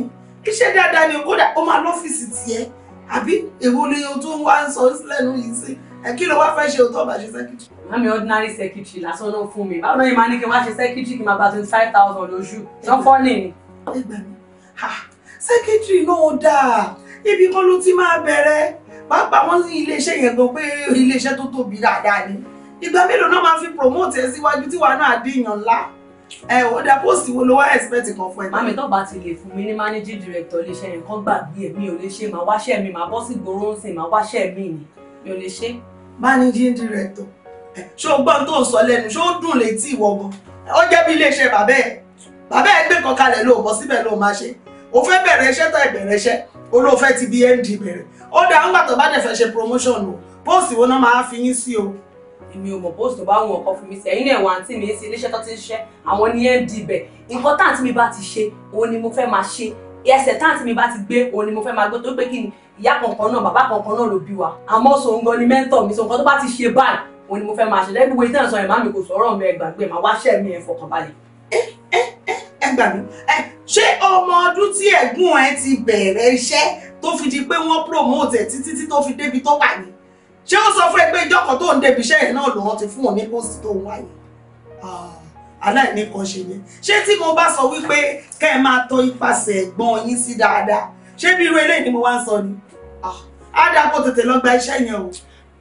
iṣẹ́ dáadáa ni kódà ó máa lọ́fíìsì tiẹ̀ àbí èwo ni o tó ń wá ń sọ sílẹ̀ nù sí ẹ kí ló wá fẹ́ ṣe o tó bá ṣe secretary. mami ordinary secretary lásán náà fún mi báwo lóye máa ní kí n wá ṣe secretary kí n máa gba twenty five thousand lóṣù lọ́fọ́ ni. ẹgbẹ́ mi secretary náà dáa ibi kan ló ti máa bẹ̀rẹ̀ pàápàá wọ́n ní iléeṣẹ́ yẹn gan pé iléeṣẹ́ tó tóbi dáadáa ni ìgbà mélòó náà máa fi promote ẹ síwájú tí wàá náà díyàn ńlá ẹ ò dá póòsì wo ló wá expect kan fún ẹ. mami tó bá ti lè fún mi ní managing director iléeṣẹ́ yẹn kan gbàgbé ẹ̀ mi ò lè ṣe màá wáṣẹ́ mi màá bọ́ sí gbòòrò ń sìn màá wáṣẹ́ mi ni mi ò lè ṣe é managing director ṣó gbọ́n tó sọ lẹ́nu ṣó dùn létí ìwọ gan ó jẹ́ bí iléeṣẹ́ bàbá ẹ̀ bàbá ẹ̀ gbé kan kalẹ̀ ló bọ́ síbẹ̀ ló máa ṣe o fẹ́ bẹ̀rẹ̀ iṣẹ́ tó ìbẹ̀rẹ̀ iṣẹ́ o ló fẹ́ ti bmd bẹ̀rẹ̀ ó dá ń gbàtọ̀ bá dẹ̀ fẹ́ ṣe promotion o póòsì wo náà máa fi yín sí o. èmi ò mọ̀ póòsì tó bá wọn ọkọ fún mi sẹ́yìn náà wà tí mi ń ṣe iléeṣẹ́ tó ti ń ṣe àwọn ní md bẹ̀ nǹkan táǹtí mi bá ti ṣe òun ni mo fẹ́ máa ṣe ẹsẹ̀ táǹtí mi bá ti gbé òun ni mo fẹ́ máa gbé tó gbé kí ìyá kankan náà bàbá kankan náà ló bí wa àmọ́ sòǹgàn ni mẹ́ńtọ̀ mi sòǹgàn tó bá ti ṣe báyìí òun ni mo fẹ́ máa ṣe lẹ́gbẹ̀ẹ́ wo ìtàn ẹ̀ má mi kò sọ̀rọ̀ mi ẹ̀ gbàgbé màá wá mi ẹ̀ fọkànbalẹ̀. ẹ ẹ gbà mí ṣé ọmọ ọdún tí ẹ̀gbọ́n ẹ ti bẹ̀rẹ̀ iṣẹ́ tó fi di pé wọ́n promote ẹ̀ títí tí tó fi débi tó wà ní ṣé ó sọ fún ẹ pé ìjọkọ̀ tó ń débi iṣẹ́ yẹn náà lòun ti fún òun ní post tó ń wáyé aláìní kan ṣe yẹn ṣé tí mo bá sọ wípé ṣé bí irú eléyìí ni mo wá ń sọ ni á ah, dáa kó tètè lọ gba iṣẹ́ yẹn o.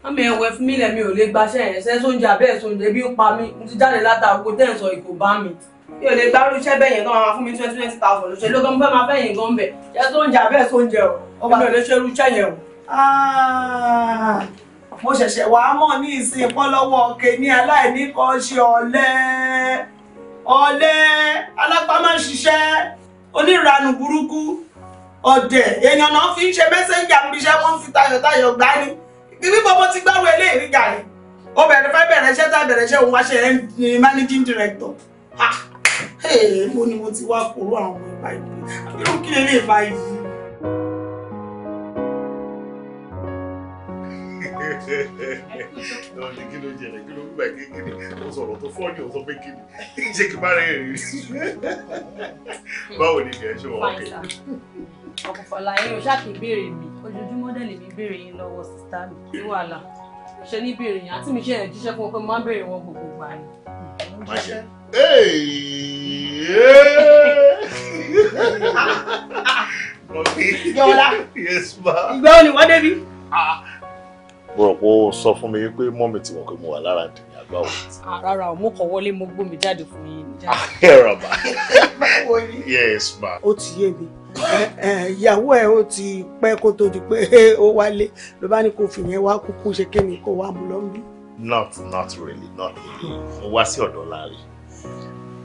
ọmọ ẹ̀wẹ̀ fún mi lẹ́mi ò lè gbaṣẹ́ yẹn ṣẹ́ sóúnjẹ abẹ́ẹ̀ sóúnjẹ bí ń pa mí mo ti jáde látàkó tẹ́ ẹ̀ sọ ìkó bá mi mi ò lè gbárù iṣẹ́ bẹ́ẹ̀ yẹn tó máa fún mi twenty twenty thousand lóṣù lógún fẹ́ máa fẹ́ yẹn gan bẹ̀ ṣẹ́ sóúnjẹ abẹ́ẹ̀ sóúnjẹ o mi ò lè ṣerú iṣẹ́ yẹn o.
Ah,
mo ṣẹ̀ṣẹ̀ wàá mọ̀ ní ìsìn pọ́lọ́wọ́ kẹ́ni aláìní kan ṣe ọ̀lẹ ọ̀lẹ alápá máa ń ṣiṣẹ́ onírànù burúkú ọ̀dẹ̀ èèyàn náà fi ń ṣe mẹ́sẹ́ńgì àmúbiṣẹ́ wọ́n fi tayọ̀tayọ̀ gbá ní ibi bọ́bọ́ ti gbárù eléyìí gàrí ó bẹ̀rẹ̀ fẹ́ bẹ̀rẹ̀ iṣẹ́ tá bẹ̀rẹ̀ iṣẹ́ òun wáṣẹ́ managing director ah mo ni mo ti wá kóró àwọn ọmọ ìbá ìlú àbírò kí lè lè bá ìlú. ọ̀dẹ̀ kí ló jẹ rẹ̀ kí ló gbà kékeré ó sọ̀rọ̀ tó fọ́ọ̀nì ó sọ
pé kí ni ṣé kí n bá rẹ̀ rìn báwo ni ìgbà ẹ ṣe wọ́n kẹ́
ọ̀pọ̀fọ̀lá yín o ṣáàkì mi ojoojúmọ́ dẹ̀ lèmi béèrè yín lọ́wọ́ sísá mi sí wàhálà ṣe ní béèrè yín àti mi ṣe ẹ̀ jíṣẹ́ fún wọn pé mo máa ń béèrè wọn gbogbo gbà ni. Ìjọba ìgbà wo wọ́n débi? Ah. Mo rò pé ó sọ fún mi pé mọ́mì ti mọ̀ pé mo wà lára dè ní àgbà wò. Ah, rárá o, mo kàn wọlé mo gbómi jáde fún yín. Ah, ẹ rọ̀ bá. Yes ma. ti yé mi ìyàwó ẹ ó ti pẹ́ kó tó di pé ó wálé ló bá ní kó fi yẹn wá kúkú ṣe kí ni kó wá mú lọ bí. not not really not really mo wá sí ọ̀dọ̀ láre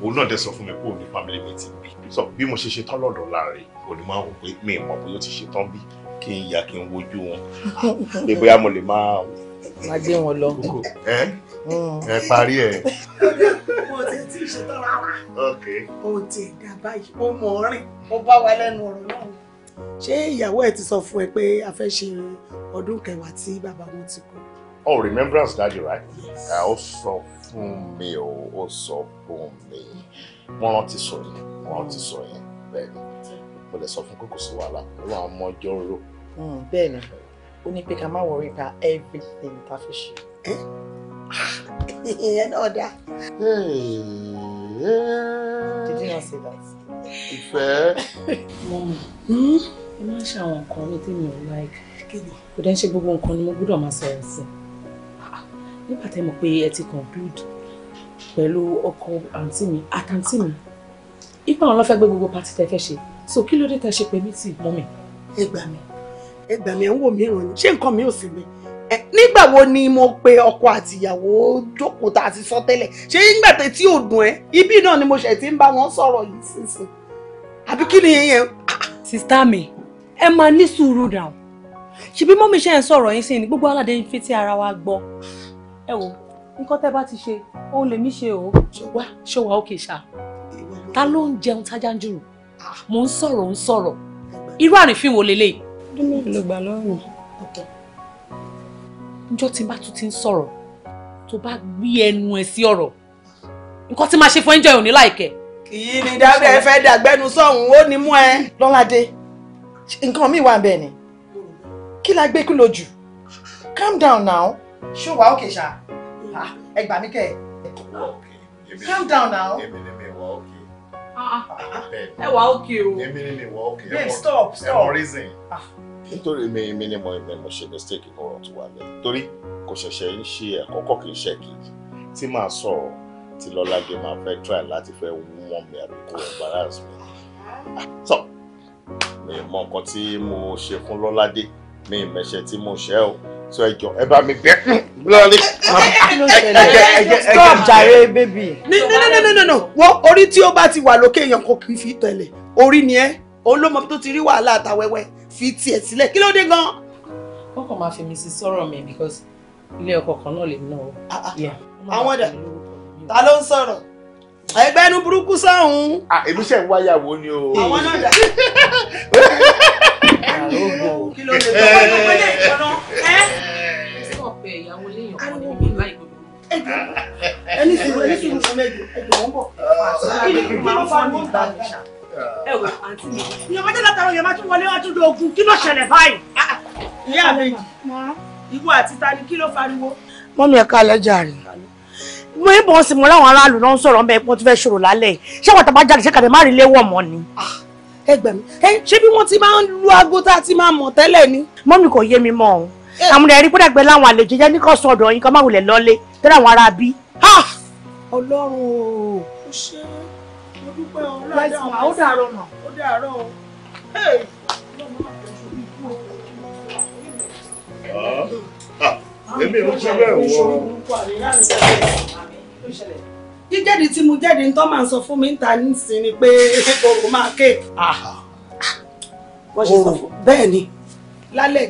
òun náà dẹ̀ sọ fún mi pé òun ní family meeting bí sọ bí mo ṣe ṣe tán lọ́dọ̀ láre òun máa wò pé mi ìmọ̀ bóyá ó ti ṣe tán bí kí n yà kí n wojú wọn
pé bóyá
mo lè máa. má gbé wọn lọ. Mm. ẹ parí ẹ. mo ti ti ṣetán rárá. o ti dà báyìí o mọ̀ ọ́ rìn o bá wa lẹ́nu ọ̀rọ̀ náà. ṣé ìyàwó ẹ ti sọ fún ẹ pé a fẹ́ ṣe ọdún kẹwàá tí bàbá wọn ti kú. oh remembrance daddy right. ó sọ fún mi o ó sọ fún mi wọ́n rántí sọ yẹn wọ́n rántí sọ yẹn bẹ́ẹ̀ ni mo lè sọ fún kókò sí wàhálà ló àwọn ọmọ ọjọ́ rò. Mm, bẹ́ẹ̀ ni ó ní pé ká má wọrí pa everything tá a fi ṣe ìyẹn náà dá. Did you not say that? If Mọ́mí, hmm? ẹ máa ń ṣe àwọn nǹkan ní tèmi ò láìka. Kò dẹ́ ń ṣe gbogbo nǹkan ni mo gbọ́dọ̀ máa sọ̀rọ̀ sí. Ah, nígbà tẹ́ pay pé ẹ ti conclude pẹ̀lú ọkọ àǹtí mi anti mi. Ipa àwọn lọ́fẹ́ gbé gbogbo pàtí tẹ́ fẹ́ ṣe. So kilo ló dé tẹ́ ṣe mommy. mí tì mọ́mí? Ẹ gbà mí, ẹ gbà mí, ẹ ń wò mí ìrànlẹ́. mi ò sí mi? Eh, nígbà wo ni mo pe ọkọ àtìyàwó jókòó tá a ti sọ tẹ́lẹ̀ ṣé nígbà tí ò dùn ẹ́ ibí náà ni mo ṣẹ̀ ti ń bá wọn sọ̀rọ̀ yìí sísìn àbí kí ni yẹn. sista mi ẹ máa ní sùúrù dà o ṣebí mọ́mí ṣe ń sọ̀rọ̀ yín sí ni gbogbo aládé ń fi ti ara wa gbọ́ ẹ wo nǹkan tẹ́ bá ti ṣe òun lèmi ṣe o ṣọwá ṣọwá òkè ṣá ta ló ń jẹun tájá ń jùrù mo ń sọ̀rọ̀ ń sọ̀rọ̀ irú àrífín wo leléyìí. ló gbà lọ́rùn njọ́ tí n bá tún ti ń sọ̀rọ̀ tó bá gbé ẹnu ẹ̀ sí ọ̀rọ̀ nǹkan tí máa ṣe fún ẹ̀ ń jẹ́ òní láìkẹ́. kì í ní dábẹ́ ẹ fẹ́ dàgbẹ́nu sọ̀hún ó ní mú ẹ. lọ́ládé nǹkan mi wà bẹ́ẹ̀ ni kí la gbé kí lo jù calm down now ṣó wàá òkè ṣá ẹ gbà mí kẹ calm down now. Ah, ah, ẹ wà òkè o. èmi ni mi wà
òkè. babe stop stop. ẹ mọ reason. Ah
nítorí mi mi ni mo mi mo ṣe mistake mo rọ̀ tó wà lẹ́yìn torí kò ṣẹ̀ṣẹ̀ ń ṣe àkọ́kọ́ kì í ṣe kejì tí màá sọ̀rọ̀ tí Lọ́ládé máa fẹ́ try láti fẹ́ wọ́n mi àbí kò embarrass mi. so mi mọ nǹkan tí mo ṣe fún Lọ́ládé mi mẹ̀ṣẹ̀ tí mo ṣe o so ẹ
jọ ẹ bá mi bẹ lọ́ládé.
stop jare baby. no no no no no wọ́n orí tí ó bá ti wà lókè èèyàn kò kì í fi tẹ̀lé orí ni ẹ́ olómọ tó ti rí wàhálà àtàwẹ́wẹ́ fi tiẹ̀ sílẹ̀ kí ló dé gan. kọ́kọ́ máa fi mi sí sọ̀rọ̀ mi because ilé ọkọ kan náà lè ná o. àwọn ẹ̀dà ta ló ń sọ̀rọ̀ ẹgbẹ́ inú burúkú sọ̀hún. Ah, èmi ṣe ń wáyà ni o. àwọn náà kí ló lè tọ́wọ́ inú pẹ́lẹ́ ìkọ́nà ẹ́. ọ̀pẹ ìyàwó léèyàn kan ní mi láì gbogbo. ẹni sùn ẹni sùn mẹ́jọ ẹjọ wọn bọ̀. Ah. kí ni màá fọ́ ní ìgbà nìṣà ẹ wò àǹtí mi. ìyọ̀wọ́ jẹ́ látara òyìnbá tún wọlé wá tún do ogun kí ló ṣẹlẹ̀ báyìí. Ah, ah. ìyá mi ìwọ àti tani kí ló fariwo. mọ́mí ẹ̀ka lẹ́jà rẹ̀ mo ń bọ̀ ọ́n sì mọ́ láwọn aráàlú náà ń sọ̀rọ̀ ọmọ ẹ̀pọ́n tó fẹ́ ṣòro lálẹ́ ṣé wọ́n tàbá jáde ṣé kàdé má rí léwọ̀ mọ́ ni. Ah, ẹ gbà mí ẹ ṣé bí wọ́n ti máa ń lu aago tá a ti máa mọ̀ tẹ́lẹ̀ ni. mọ́mí kò yé mi mọ́ o àwọn ẹ̀rí pé dàgbẹ́ láwọn àlejò jẹ́ ní kọ́sọ̀ ọ̀dọ̀ yín kan máa wulẹ̀ lọ́lé tẹ́lẹ̀ àwọn ará bí. ọlọ́run ò ṣe é dúpẹ́ o láìsí wa ó dàárọ̀ nà. ó dàárọ̀ o. Ah, ah,
èmi ò ṣe bẹ́ẹ̀ wọ.
jíjẹ́dì tí mo jẹ́dì ń tọ́ máa ń sọ fún mi ń ta ní sin ni pé kòkò máa ké. Ah. wọ́n ṣe sọ fún bẹ́ẹ̀ ni lálẹ́.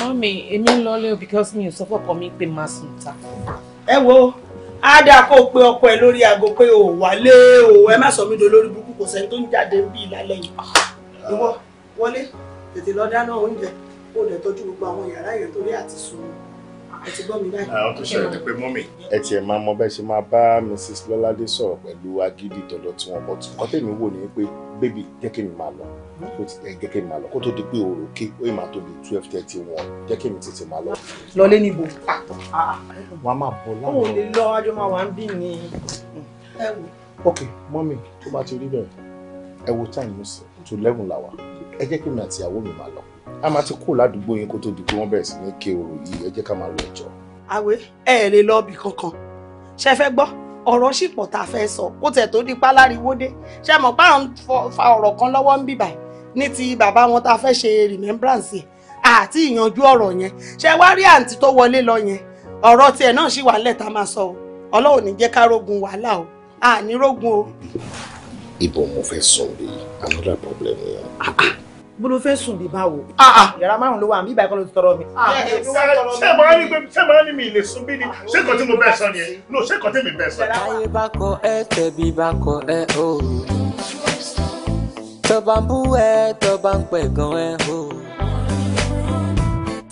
mọ́mí èmi ń lọ lé o because mi ò sọ fọ́kọ mi pé màá sùn ta. ẹ wo á kó o pe ọkọ ẹ lórí aago pé o wálé o ẹ má sọ mí do lórí burúkú kò sẹ́ni tó ń jáde ń bí ìlàlẹ́ yìí. ìwọ wọlé tètè lọ dáná oúnjẹ kó o lè tọ́jú gbogbo àwọn yàrá yẹn torí àti sùn ẹ ti gbọ́ mi báyìí. àwọn tó ṣẹlẹ̀ ni pé mọ́mì.
ẹ tiẹ̀ máa mọ bẹ́ẹ̀ ṣe
máa bá Mrs. Lọ́ládé sọ̀rọ̀ pẹ̀lú agídí tọ̀dọ̀ tí wọ́n bọ̀ tún kọ́tẹ́mi wò ní pé bébì
jẹ́ kí mi máa lọ kó ẹ jẹ́ kí n máa lọ kó tó di pé òòrò ké ó yẹ máa tó twelve thirty one jẹ́ kí mi tètè máa lọ.
lọlé níbo. Ah, ah,
ah. wàá máa bọ̀ láwọn. òun lè
lọ ajọ máa wà ń bì ní. ok mọ́mì tó bá ti rí bẹ́ẹ̀ ẹ wo time mi sí tó eleven la wà ẹ jẹ́ kí mi àti ìyàwó mi máa lọ a máa ti kó ládùúgbò yín kó tó di pé wọ́n bẹ̀rẹ̀ sí ní ké òòrò yìí ẹ jẹ́ ká máa lọ ẹjọ́. àwẹ̀ ẹ lè lọ ibì kankan ṣe fẹ́ gbọ́ ọ̀rọ̀ ṣìpọ̀ tá a fẹ́ sọ kó tẹ̀ tó di páláriwó dé ṣe mọ̀ pé ń fa ọ̀rọ̀ kan lọ́wọ́ ń bì báyìí ní ti bàbá wọn tá a fẹ́ ṣe remembrance àti ìyanjú ọ̀rọ̀ yẹn ṣe wá rí àǹtí tó wọlé lọ yẹn ọ̀rọ̀ tiẹ̀ náà ṣì wà lẹ̀ tá a máa sọ o ọlọ́run ní jẹ́ ká rógun wàhálà o a ní o.
ibo mo fẹ́ sùn bí
another problem ni o. bó ló fẹ́ sùn bí báwo. Ah, ah. yàrá márùn ló wà níbí ìbáyìí kan ló ti tọrọ mi.
Ah, ṣé eh, màá ní ṣé màá ní mi lè sùn bí ni ṣé kò tí mo bẹ́ẹ̀ sọ nìyẹn
no ṣé kò tí mi bẹ́ẹ̀ sọ.
ayé bá kọ ẹ o tọ́ba ń bú ẹ tọ́ba ń pẹ̀gàn ẹ o.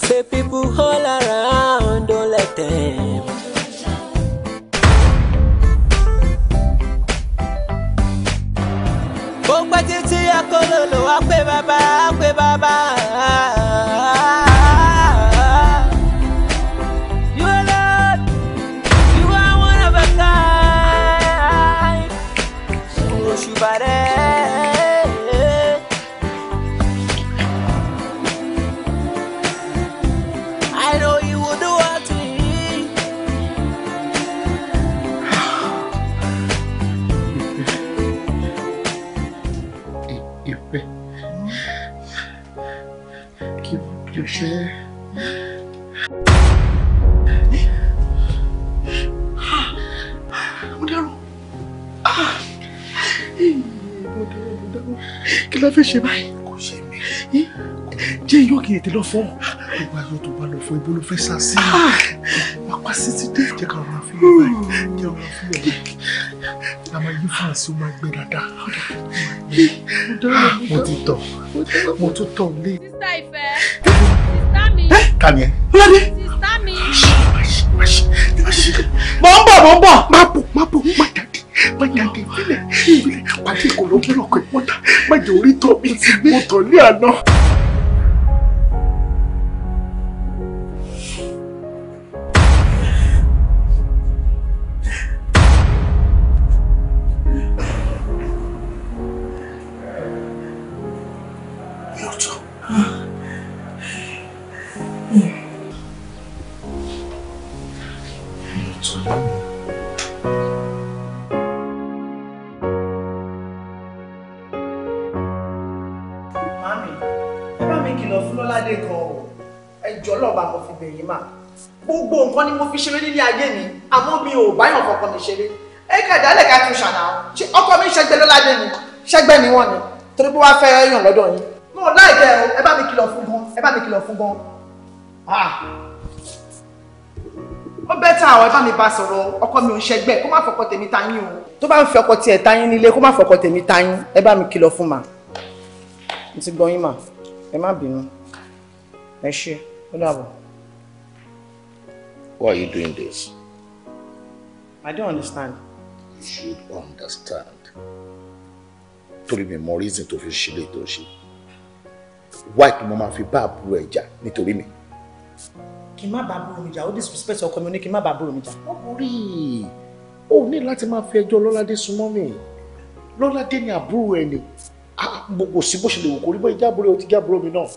say people all around don't let them. ó pẹ́ títí akóló ló wá pé bàbá pé bàbá.
la fẹ́ ṣe báyìí. kò ṣe mí. jẹ́ iyọ́ kì í tẹ lọ fọ́. gbogbo ayọ̀ tó bá lọ fọ́ ibo ló fẹ́ sá sí. apá sí ti dé jẹ́ ká rọra fún mi báyìí jẹ́ rọra fún mi la máa yí fún àṣì ó máa gbé dáadáa. mo ti tọ̀ mo tún tọ̀ lé. sísá ìfẹ́ sísá mi. ẹ ta ni ẹ. sísá mi. mo ń bọ̀ mo ń bọ̀ májà kì í sílẹ̀ orí tọ́ mi mo tọ̀ ní àná. fi ṣeré ẹ kà ká tún ṣànà ṣe ọkọ mi ṣẹgbẹ́ lọ́ládé ni ṣẹgbẹ́ ni wọ́n ni torí pé wàá fẹ́ yàn lọ́dọ̀ yín mo láìpẹ́ o ẹ bá mi kìlọ̀ fún gan ẹ bá mi kìlọ̀ fún gan ah. ó bẹ́tà àwọn ẹ bá mi bá sọ̀rọ̀ ọkọ mi ò ṣẹgbẹ́ kó má fọkọ tèmi ta yín o. tó bá ń fi ọkọ tiẹ̀ ta yín nílé kó má fọkọ tèmi ta yín ẹ bá mi kìlọ̀ fún ma mo ti gbọ́ yín ma ẹ má bínú ẹ ṣe ó dàbọ̀.
Why are you doing this?
I don't understand. You should understand. Torí mi mọ reason to fi ṣílẹ̀ tó ṣe. White mo máa fi bá àbúrò ẹ̀ Nitori nítorí mi. Kì í má bá mi jà, ó disrespect ọkọ mi, ó ní kì í má bá àbúrò mi jà. Ó borí. O ní láti máa fi ẹjọ́ Lọ́ládé súnmọ́ mi. Lọ́ládé ni àbúrò ẹ̀ ni. Gbogbo sí bó ṣe lè wò kó rí bóyá ìjábọ̀ rẹ̀ ó ti jábọ̀ mi náà.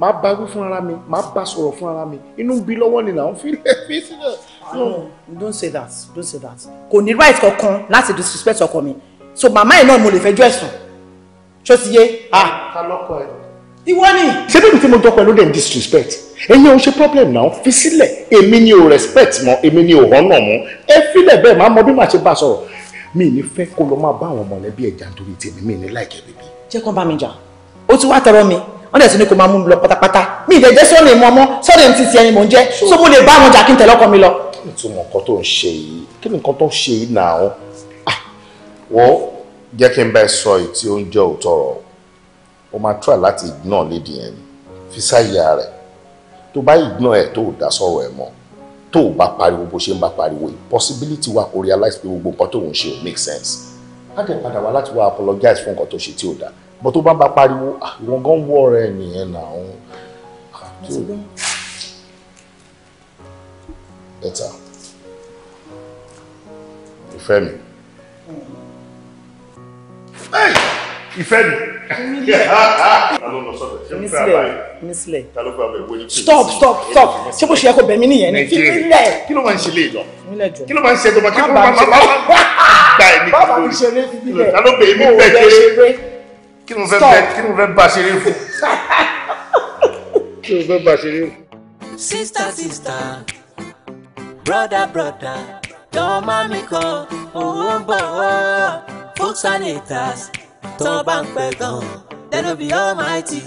Màá bá wí fún ara mi, màá bá sọ̀rọ̀ fún mi. Inú bí lọ́wọ́ ni là ń fi lẹ́ fi sílẹ̀ no don't say that don't say that kò ní right kankan láti disrespect ọkọ mi so màmá ẹ̀ náà mo lè fẹjọ́ ẹ̀sùn ṣó ti yé. Ah. ta lọkọ ẹ. ìwọ ni. ṣé bẹ́ẹ̀ ni tí mo jọ pẹ̀lú dem disrespect ẹ̀yin ò ṣe problem náà fi sílẹ̀ èmi ni ò respect mọ́ èmi ni ò họ́nà mọ́ ẹ fílẹ̀ bẹ́ẹ̀ máa mọ bí màá ṣe bá a sọ̀rọ̀ mi ní fẹ́ kó lọ máa bá àwọn mọ̀lẹ́bí ẹ̀ jà nítorí tèmi mi ní láìkẹ́ bíbí. jẹ́ kó bá mi jà ó ti wá tọrọ mi wọ́n dẹ̀ tún ní kó máa mú mi lọ pátápátá mi ì so mo lè bá àwọn jà kí ní ìtumọ̀ nǹkan tó ń ṣe yìí kí ni nǹkan tó ń ṣe yìí náà ah, wọ́n jẹ́ kí n bá ẹ sọ èyí tí ó ń jẹ́ òótọ́ rọ̀ o máa try láti ignore lédi yẹn ni fi sáyà rẹ̀ tó bá ignore ẹ̀ tó o dá sọ̀rọ̀ ẹ̀ mọ́ tó o bá pariwo bó ṣe ń bá pariwo yìí possibility wà kó realize pé gbogbo nǹkan tó ń ṣe ò make sense á dẹ̀ padà wá láti wá apologize fún nǹkan tó ṣe tí ò dá but tó bá bá pariwo ah, ìwọ̀n gan wọ́ ọ̀rẹ́ ẹ̀ nìyẹn náà better. Ifemi. mi. Ìfẹ́ mi. Nísìlẹ̀ nísìlẹ̀. Stop stop stop. Ṣé bó ṣe yẹ kó bẹ̀mí nìyẹn ni? Fi mí lẹ̀. Kí ló máa ń ṣe lé ìjọ? Kí ló máa ń ṣe ìjọba? Kí ló máa ń gba ẹ̀mí
kí ló rí? Ta ló bẹ̀ mí bẹ̀ kéré? Kí ló fẹ́ bá
Sister sister. Brother, brother, tọ́ mami kan òun ń bọ̀ ọ́ folksanitas tọ́ bá ń pẹ́ gan dẹ́nu bí almighty.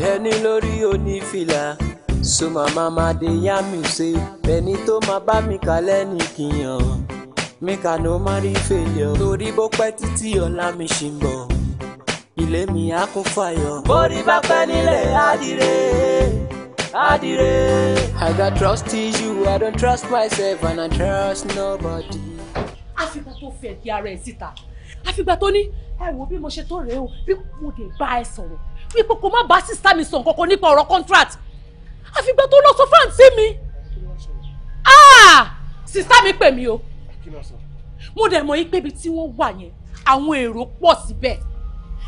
dẹni lórí onífìlà so màmá máa dé yá mi ṣe bẹni tó máa bá mi kalẹ́ ní kìyàn mi kà ló má rí fèlè torí bó pẹ́ títí ọ̀la mi ṣì ń bọ̀ ilé mi á kún fàyọ̀. borí bá pẹ́ nílé àdìrẹ́. Adire. I got trust in you, I don't trust myself and I trust nobody.
Àfìgbà tó fẹ́ di ara ẹ̀ síta, àfìgbà tó ní ẹ wo bí mo ṣe tó rèé o, bí mo lè bá ẹ sọ̀rọ̀, bí kòkó má bá sísá mi sàn kankan nípa ọ̀rọ̀ contract. Àfìgbà tó lọ sọ fáǹtì mi. Ah! Sísá mi pè mí o. Mo dẹ̀ mọ̀ yí pé ibi tí wọ́n wà yẹn, àwọn èrò pọ̀ síbẹ̀.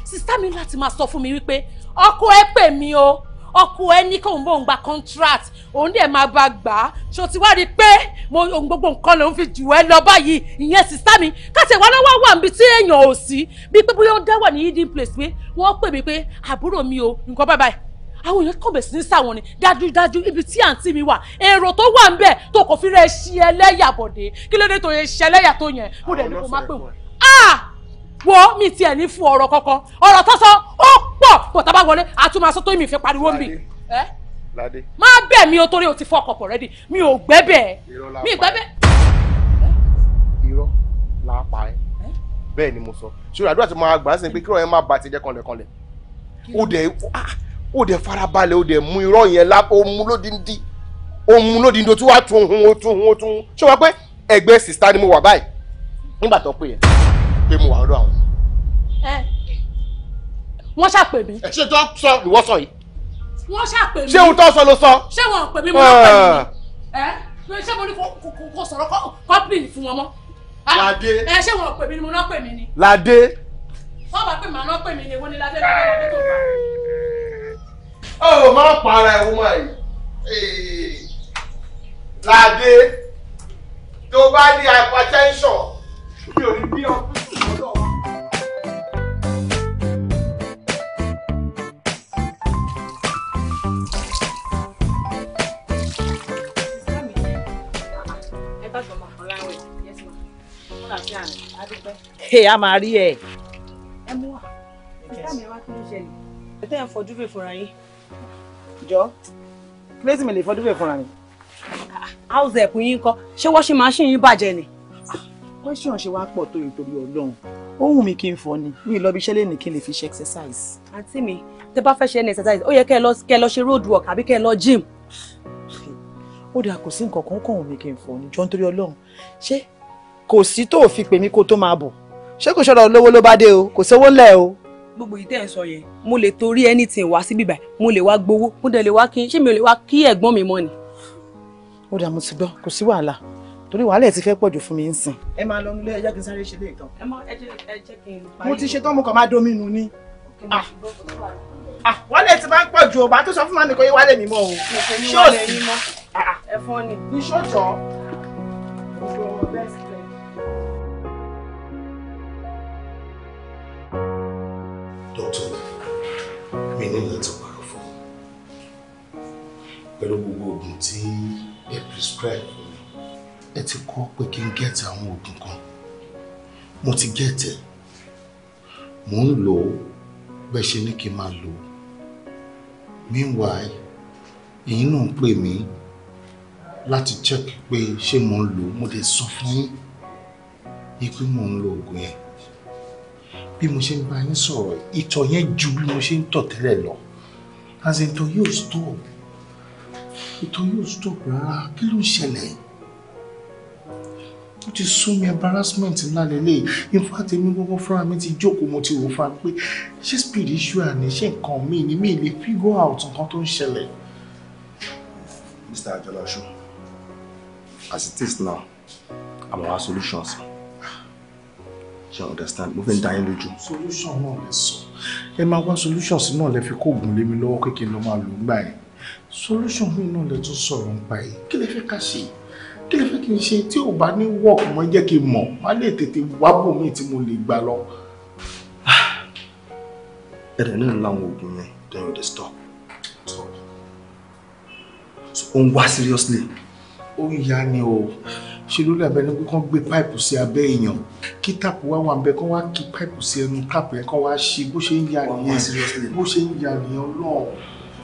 Sísá mi láti máa sọ fún mi wípé ọkọ ẹ pè mí o ọkọ ẹ ní kóun bóun gba contract òun dẹ̀ máa bá gbà á ṣó ti wá rí i pé mo ohun gbogbo nǹkan lòun fi jù ẹ lọ báyìí ìyẹn sísá mi káṣẹ ìwà lọ́wọ́ wà níbi tí èèyàn ò sí bíi pé bóyá ó dá ní hidden place pé wọ́n pè mí pé àbúrò mi o nǹkan bye bye àwọn èèyàn kàn bẹ̀ sí ní sàwọn ni dájúdájú ibi tí àǹtí mi wà èrò tó wà ń bẹ̀ tó kò fi rẹ̀ ṣí ẹlẹ́yà bọ̀dé kí ló dé tó yẹ ṣẹlẹ́yà tó yẹn mo dẹ̀ ní kó má pè wọ́n. Ah! wo mi tiẹ̀ ní fún ọ̀rọ̀ kankan ọ̀rọ̀ tó sọ ó pọ̀ kò tá a bá wọlé àtúmọ̀sọ tó mi fi pariwo mi. Ládé. má bẹ̀ mi o torí o ti fọ́ ọkọ̀ pọ̀ rẹ́dì mi ò gbẹ́bẹ̀ mi gbẹ́bẹ̀. irọ́ la pa ẹ́ bẹ́ẹ̀ ni mo sọ ṣùgbọ́n àdúrà tí mo máa gbà á sí pé kí ọ̀rọ̀ yẹn má ba ti jẹ́ kanlẹ̀kanlẹ̀ ah, o dẹ̀ ó dẹ̀ farabalẹ̀ ó dẹ̀ mú irọ́ yẹn lá ó mú lódindi ó mú lódindi ó tún wá tún hun tún hun tún hun ṣé wọ́n pẹ́ ẹgbẹ́ sista ni mo wà báyìí nígbà tó pè yẹn pé mo wà lọ́dọ̀ àwọn. ẹ wọ́n ṣàpè mí. ẹ ṣe tó sọ ìwọ sọ yìí. wọ́n ṣàpè mí. ṣé ohun tó sọ ló sọ. ṣé wọn pè mí mo lọ pè mí. ẹ ṣé mo ní kó sọ̀rọ̀ kọ́pìn fún wọn mọ́. Ah, Ládé. ẹ ṣé wọn pè mí ni mo lọ pè mí ni. Ládé. wọ́n bá pè mí àná pè mí ni èwo ni Ládé lọ́dọ̀ lọ́dọ̀ tó bá. ó máa pa ara ẹ̀ wọ́n máa yìí. Ládé tó bá ní hypertension mi ò ní bí ọkùnrin. ẹ a máa rí ẹ. ẹ mú wa sísá mi wá kí ló ṣẹlẹ̀. ẹ tẹ́ ẹ̀ ń fojú fè fúnra yín. jọ kílésì mi lè fojú fè fúnra mi. house ẹ̀kún yín kọ́ ṣé wọ́n ṣe máa ṣì yín bàjẹ́ ni. question ṣe wá pọ̀ tó ìtorí ọlọ́run ó wù mí kí n fọ ni mi lọ bí iṣẹ́ lè kí n lè fi ṣe exercise. àǹtí mi tẹ bá fẹ́ ṣe ẹni exercise ó yẹ kẹ́ ẹ lọ ṣe road work àbí kẹ́ ẹ lọ gym. ó dà kò sí nǹkan kan kàn wù mí kí n fọ ni jọ nítorí ọlọ́run ṣé kò sí tó fi pè mí kó tó máa bọ̀ ṣé kò ṣọ́ra olówó ló bá dé o kò sówó ńlẹ̀ o. gbogbo yìí tẹ́ ẹ̀ sọ yẹn mo lè torí anything wá síbí báyìí mo lè wá gbowó mo dẹ̀ lè wá kí ṣé mi ò lè wá kí ẹ̀gbọ́n mi mọ́ ni. ó dà mo ti gbọ́ kò sí wàhálà torí wàhálà ẹ̀ ti fẹ́ pọ̀jù fún mi ń sìn. ẹ máa lọ nílé ẹjẹ́ kí n sáré ṣe lé ìtàn. mo ti ṣetán mo kàn máa domi nù ni. Ah. wálé ah, ti máa ń pọ̀ ju ọba tó sọ fún mami kò yé wálé mi tó mi ní láti pàrọ̀ fún mi pẹ̀lú gbogbo oògùn tí ẹ prescribe fún mi ẹ ti kọ́ pé kí n gẹ̀tì àwọn oògùn kan mo ti gẹ̀tì
mo ń lò ó bẹ́ẹ̀ ṣe
ní kí n máa lò ó meanwhile èyí náà ń pè mí láti check pé ṣé mo ń lò ó mo lè
sọ fún yín pé mo ń lo oògùn yẹn bí mo ṣe ń bá yín sọ̀rọ̀ ìtọ̀ yẹn ju bí mo ṣe ń tọ̀ tẹ́lẹ̀ lọ as ìtọ̀ yóò stop ìtọ̀ yóò stop rárá kí ló ń ṣẹlẹ̀
ó ti sún mi embarrassment ńlá lélẹ̀ in fact èmi gbogbo fúnra mi ti jókòó mo ti wò fún pé ṣé spiritual ni ṣé nǹkan mi ni mi lè figure out nǹkan tó ń ṣẹlẹ̀.
Mr. Ajalasu
as it is now I'm our solution sir ṣe understand mo fẹ́ ń da lójú. solution náà lè sọ ẹ máa wá solution sí náà lè fi kóògùn lé mi lọ́wọ́ kékeré ló máa lò ń gbà yẹn solution mi náà lè tún sọ̀rọ̀ ń pa yìí kí lè fẹ́ ká ṣe kí lè fẹ́ kí n ṣe tí ò bá ní work mọ́ jẹ́ kí n mọ̀ má lè tètè wábò míì tí mo lè gbà lọ. ẹ̀rẹ̀ náà láwọn oògùn yẹn don you dey stop so ó ń wá seriously ó ń yá ni o ṣe ló làbẹ́ ní kán gbé páìpù sí abẹ́ èèyàn kí táàpù wá wà bẹ́ẹ̀ kán wá kí páìpù sí ẹnu táàpù yẹn kán wá ṣe bó ṣe ń ya nìyẹn bó ṣe ń ya nìyẹn náà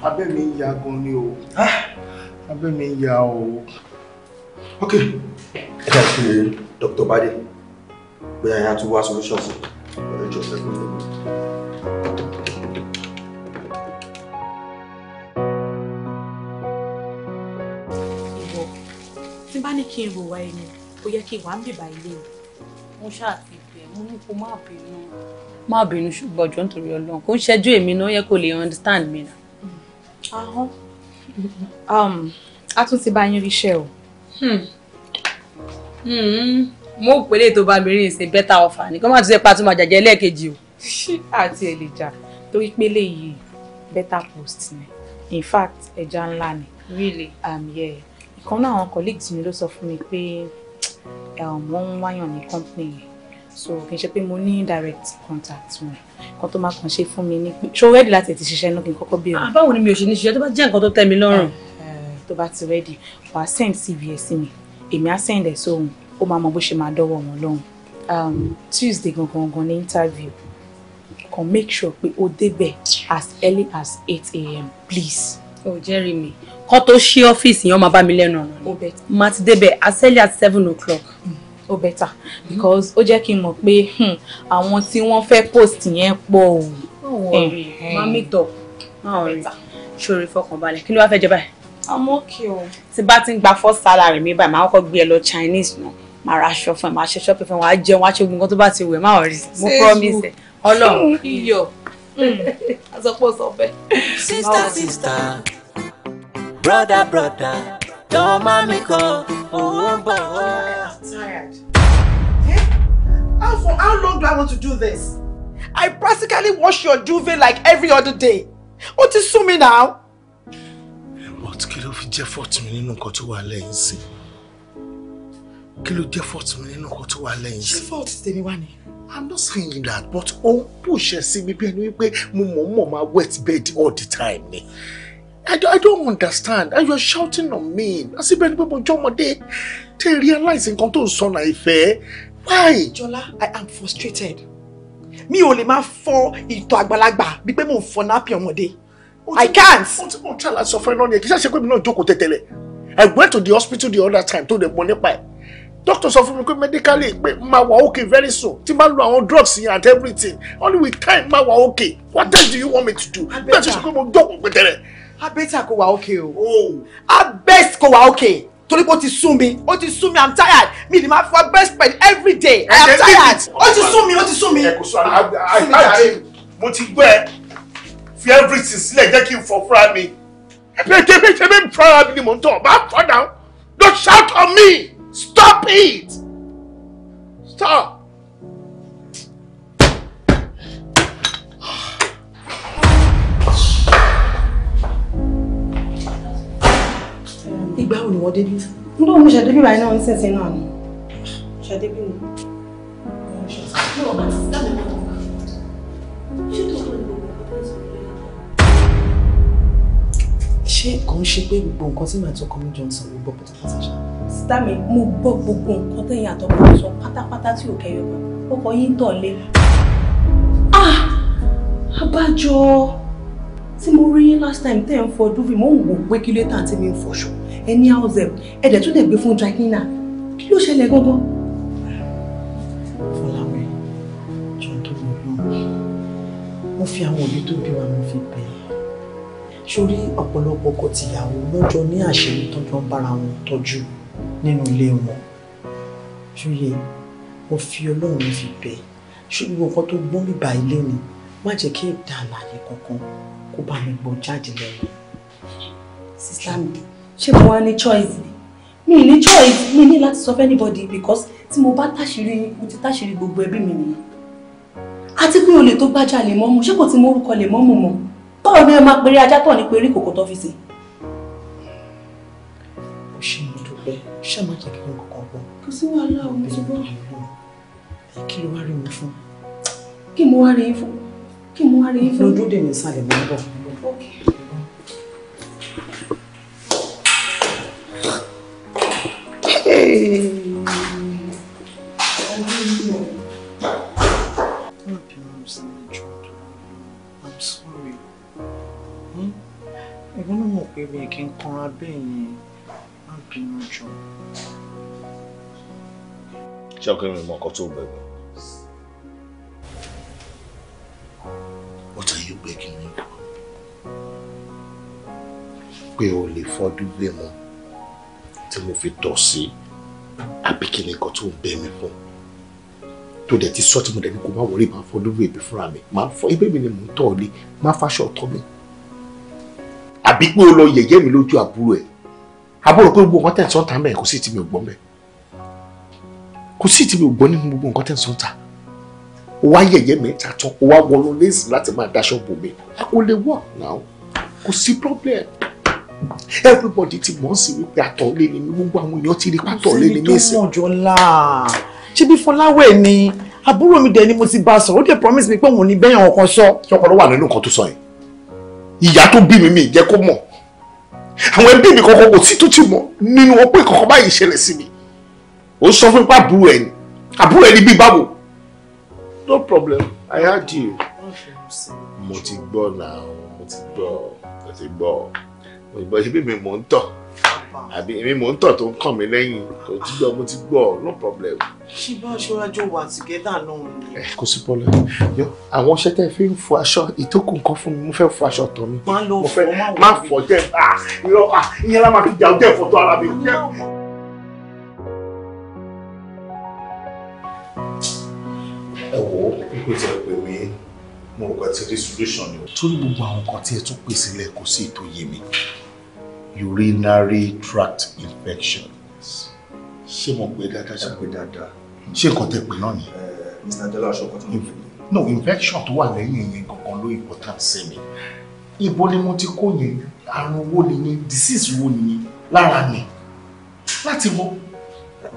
abẹ́ mi ń ya gan
ni o ah! abẹ́ mi ń ya o.
ok ẹ ká ṣe Dr. Bade bóyá yẹn á tún wá solution fún ọ̀rẹ́jọ́ fẹ́ fún
bá ní kí n rò wá ẹni ó yẹ kí wà ń bìbà ilé o. mo ṣáà ti mo ní kó má bínú. má bínú ṣùgbọ́n ọjọ́ nítorí ọlọ́run kò ń ṣẹ́jú èmi náà yẹ kó lè understand mi nà. Um, a tún ti bá yín ríṣẹ́ o. Hmm. Hmm. mo pèlè tó bá mi rí ìsìn better offer ni kó má tún ṣe pàtó máa jàjẹ́ lẹ́ẹ̀kejì o. àti ẹ̀ lè jà torí pélé yìí better post ni in fact ẹja ńlá ni. really um, yeah kan náà àwọn colleagues mi ló sọ fún mi pé um, wọ́n ń wáyàn ní company yẹn so kì í ṣe pé mo ní direct contact wọn kan tó máa kàn ṣe fún mi ní pé ṣó rẹ́dì láti ti ṣiṣẹ́ náà kí n kọ́kọ́ béèrè. Ah, báwo ni mi ò ṣe ní ṣiṣẹ́ tó bá jẹ́ nǹkan tó tẹ́ mi lọ́rùn. Eh, eh, tó bá ti rẹ́dì wà á send cv ẹ̀ sí mi èmi á send ẹ̀ sóhun ó máa mọ bó ṣe máa dọ́wọ́ wọn lọ́hùn um, tuesday gangan gan ní interview kan make sure pé o débẹ̀ as early as eight a.m. please. Oh Jeremy, mi kọ́ tó ṣí ọ́fíìsì yẹn ó máa bá mi lẹ́nu ọ̀nà ni má ti débẹ̀ asẹ́lẹ̀ at seven o'clock. Hmm, ó bẹ̀tà because ó jẹ́ kí n mọ̀ pé hmm, àwọn tí wọ́n fẹ́ post yẹn pọ̀ o. Eh, eh. máa mi tọ̀ máa rí ṣòro ìfọkànbalẹ̀ kí ló wá fẹ́ jẹ báyìí. I'm okay o. tí bá ti ń gba first salary mi báyìí máa kọ́kọ́ gbé ẹ lọ Chinese náà máa ra aṣọ fún ẹ máa ṣe shopping fún ẹ wàá jẹun wàá ṣe gbogbo nǹkan tó bá ti wù ẹ máa rí mo promise ẹ Ọlọ́run iyọ̀ àsọpọ̀ sọ bẹ́ẹ̀. sista sista broda broda tọ́ máa mi kọ́ owó bọ̀ wá. tired. How, for how long do I want to do this? I practically wash your duvet like every other day. What is so me now. But kí ló fi jẹ́ fọ́ọ̀tì mi nínú nǹkan tó wà lẹ́yìn sí? Kí ló jẹ́ fọ́ọ̀tì mi nínú nǹkan tó wà lẹ́yìn sí? i'm not saying that but òun push sí mi bí ẹni wípé mo mọ̀ mọ̀ wet bed all the time i don't, I don't understand and you're shouting on me àṣìbẹ̀ ni pé mo jọ́mọdé tẹ́ ẹ realize nǹkan tó ń sọ náà why. Jola, i am frustrated Me ò lè máa fọ ìtọ̀ àgbàlagbà bí pé mo ń fọ nápì i can't. ó ti mọ̀ ọ́n tí àlàsọ fún mi náà jókòó tẹ̀tẹ̀lẹ̀ i went to the hospital the other time tó the money nípa doctor sọ fún mi pé medically pé ma wà okay very soon tí ma lo àwọn drugs yẹn and everything only with time ma wà okay what else do you want me to do bẹ́ẹ̀ tó ṣe pé mo dọ́kun pẹ̀tẹ́rẹ̀. abẹ́tà kò wà okay o abẹ́t kò wà okay torí pé ó ti sún mi ó ti sún mi i'm tired mi ni ma fi wa best friend every day i'm tired ó ti sún mi ó ti sún mi. ẹ kò sọ àgbà mo ti gbọ́ ẹ fi everything sílẹ̀ jẹ́ kí n fọ fúnra mi. ẹ̀bẹ̀ tẹ́bẹ̀ tẹ́bẹ̀ fúnra mi ni mò ń tọ̀ bá fọ́ náà don't shout on me. Stop it! Stop! Ìgbà wo ni wọ́n débí? N tó mú ṣẹ̀débí báyìí náà ń sẹ̀sẹ̀ náà ni. Ṣẹ̀débí ni. Ṣẹ̀débí ṣé kò ń ṣe pé gbogbo nǹkan tí màá tọkọ mi Johnson ló gbọ́ pátápátá ṣá. sísá mi mo gbọ́ gbogbo nǹkan tẹ̀yìn àtọkọ mi sọ pátápátá tí ò kẹyọ kan ọkọ yín tọ̀ lé. ah abájọ tí mo rí yín last time tẹ́ ẹ̀ ń fọ dúfì mo ń wò pé kí ló tà tí mi ń fọṣọ ẹni house help ẹ̀dẹ̀ tún lè gbé fún dry cleaner kí ló ṣẹlẹ̀ gangan. fọláwẹ jọ̀ọ́ tó lọ lọ́wọ́ mo fi àwọn òbí tó bí wa mo fi bẹ̀ sórí ọ̀pọ̀lọpọ̀ ọkọ tìyàwó lọ́jọ́ ní àṣírí tọ́jọ́ ń bára wọn tọ́jú nínú ilé wọn ṣúyẹ mo fi ọlọ́run fi bẹ̀ ṣùgbọ́n nǹkan tó gbọ́n bíbá ilé ni má jẹ́ kí èdè àlàyé kankan kó bá mi gbọ́n jáde lẹ́yìn. sísá mi ṣé mo wá ní choice mi ní choice mi ní láti sọ fún anybody because tí mo bá táṣìírí mo ti táṣìírí gbogbo ẹbí mi nìyẹn àti pé olè tó gbájà lè mọ́ mu ṣé kò ti mọ orúkọ lè mọ́ mu mọ́ báwo ni ẹ máa pèrè ajá tọ̀ ní pèrè kòkó tọ́fíìsì. ó ṣe mo dúpẹ́ ṣé máa jẹ́ kí n kọ̀kọ́ bọ̀. kò sí wàhálà òun ti bọ́. kí ló wá rí mi fún. kí mo wá rí yín fún kí mo wá rí yín fún. lójú dèmi sálẹ̀ mọ́ bọ̀.
pé mi kì í kanra bẹ́ẹ̀ yẹn má bínú jọ.
ṣé ọkọ mi mọ ọkọ tó bẹ mi.
What are you begging me for? pé o lè fọdún gbé mọ tí mo fi tọ̀ sí àbí kí ni
nǹkan tó ń bẹ mi fún tó dẹ̀ ti sọ tí mo dẹ̀ ní kó má wọlé máa fọdún gbé mi fúnra mi máa fọ ebí mi ni mò ń tọ̀ ọ́ lé máa fàṣọ ọ̀tọ̀ mi àbí pé o lọ yẹ̀yẹ́ mi lójú àbúrò ẹ̀ àbúrò pé gbogbo nǹkan tẹ̀ ń sọ ta mẹ́ẹ̀ kò sí ti mi ò gbọ́ mẹ́ẹ̀ kò sí ti mi ò gbọ́ nínú gbogbo nǹkan tẹ̀ ń sọ o wá yẹ̀yẹ́ mi tán o wá wọnú léèsì láti máa daṣọ bò mí o lè wọ̀ náà kò sí problem everybody ti mọ̀ sí wípé àtọ̀lé ni mí gbogbo àwọn èèyàn ti rí pátọ̀lé ni mí sí. ṣé ibi tó mọ̀ jọ ńlá ṣé bí Fọláwẹ̀ ni àbúrò mi dẹ̀ ni mo ti bá sọ̀rọ̀ ó dẹ̀ promise ìyá tó bí mi mi jẹ́ kó mọ̀ àwọn ẹbí mi kankan kò sí tó ti mọ̀ nínú wọn pé kankan báyìí ṣẹlẹ̀ sí mi ó sọ
fún ipa àbúrò ẹni àbúrò ẹni bíi báwo
no problem i heard you mo ti gbọ́ náà mo ti gbọ́ mo ti gbọ́ mo ti gbọ́ ṣe bí mi mò ń tọ̀ àbí èmi mò ń tọ̀ tó ń kàn mí lẹ́yìn kò tí gbọ́ mo ti gbọ́ no problem. ṣé bá aṣọ ajọ wà together náà ni. ẹ kò sí pọlọ yọ àwọn ọṣẹ tẹ fi ń fọ aṣọ ìtókù nǹkan fún mi mo fẹ́ fọ aṣọ tọ̀ mi. má lọ fọ má fọ jẹ ìyẹn lá máa fi jà ó jẹ ìfọ̀tọ̀ ara mi.
ẹ wo pípé tí ẹ pè mí
mo rò pé ti rí solution ni. torí gbogbo àwọn nǹkan tí ẹ tún pèsè lẹ kò sí ètò yé mi urinary tract infection ṣé mo pè dáadáa ṣe pè dáadáa ṣé nǹkan tẹ pè náà ni. mr adela aṣọkan tó ń pè. no infection tó wà lẹ́yìn yẹn gangan ló important sí mi ibo ni mo ti kó yẹn àrùn wo nìyẹn disease wo nìyẹn lára mi láti mọ.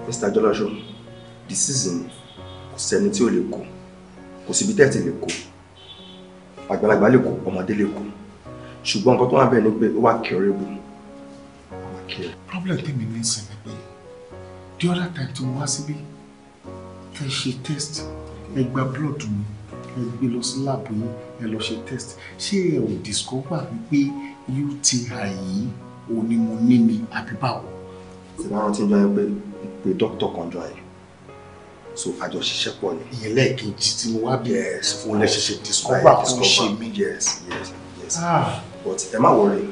mr adela aṣọ disease ni kò sẹ́ni tí ò lè kó kò síbi tẹ́ẹ̀tì lè kó àgbàlagbà lè kó ọmọdé lè kó ṣùgbọ́n nǹkan tó wà bẹ́ẹ̀ ni pé ó wà curable Okay. Problem tèmi ní sìn ni the other time to mo wá síbí ẹ test ẹ gba blood to me. gbé lọ sí lab yín ẹ lọ test She will discover wípé UTI yìí òun ni mo ní ni àbí báwo. tí bá rántí jọ ẹ pé pé dókítà kan jọ ẹ so àjọ ṣiṣẹ́ pọ̀ ni. ìyẹn lẹ́ẹ̀kejì tí mo wá bí ẹ̀ fún lẹ́ṣẹ̀ṣẹ̀
discover fún yes yes yes ah. but am I worried?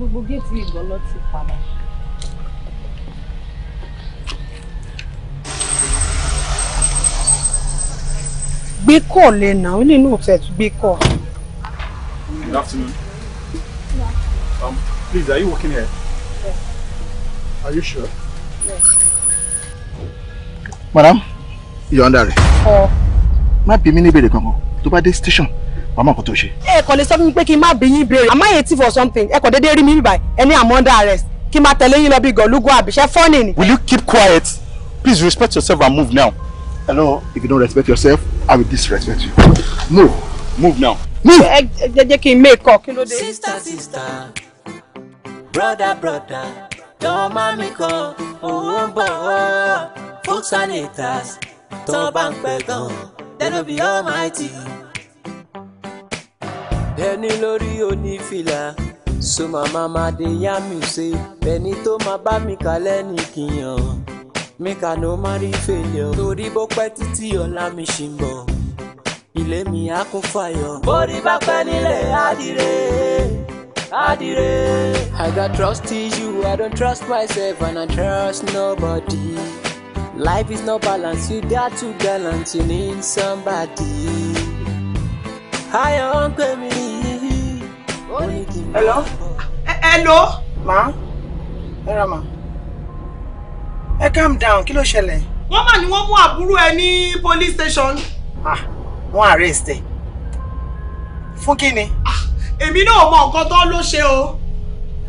gbogbo géètì ìgbọ́lọ́ ti padà. gbé kọ̀ lẹ́nà ó nínú ọ̀tẹ̀ tó gbé kọ̀. Good afternoon. Yeah. Um, please, are you working here? Yes. Are you sure? Yes. Madam, you're under arrest. Ọ̀. Má bí mi ní ìbéèrè kankan tó bá dé station àmọ́ kò tó ṣe. ẹ kò lè sọ fún mi pé kí n má bí yín béèrè àmọ́ èyí tí for something ẹ kò déédéé rí mi bíbá ẹni I'm under arrest kí n máa tẹ̀lé yín lọ bí gọ̀lúgọ̀ àbíṣẹ́ fọ́ọ̀nì ni. will you keep quiet please respect yourself and move now. I know if you don't respect yourself I will disrespect you. move move now. move. ẹ jẹ́ jẹ́ kí n mé kọ́ kí ló dé. sista sista
broda broda tọ́ máa mi kan òun bọ̀ ọ́ folk sanitars tọ́ bá ń pẹ́ gan-an lẹ́nu bí almighty ẹni lórí onífìlà so màmá de yá mi ṣe ẹni tó máa bá mi kalẹ̀ ní kìyàn mi kà ló má rí fèlè torí bó pẹ́ títí ọ̀la mi ṣì ń bọ̀ ilé mi á kún fàyọ̀. borí bá pẹ́ nílé adire adire. I got trust in you, I don't trust myself and I trust nobody. Life is no balance. you got to balance, you need somebody.
Ayọ̀ ń pè mí ó ní hello. Eh, hello. ma where am I? Hey, calm down Kilo ló Woman, you want ní wọ́n mú àbúrò ẹ police station. ah wọ́n arrest ẹ fún kí ni. Ah, èmi náà mọ nǹkan tó ló ṣe o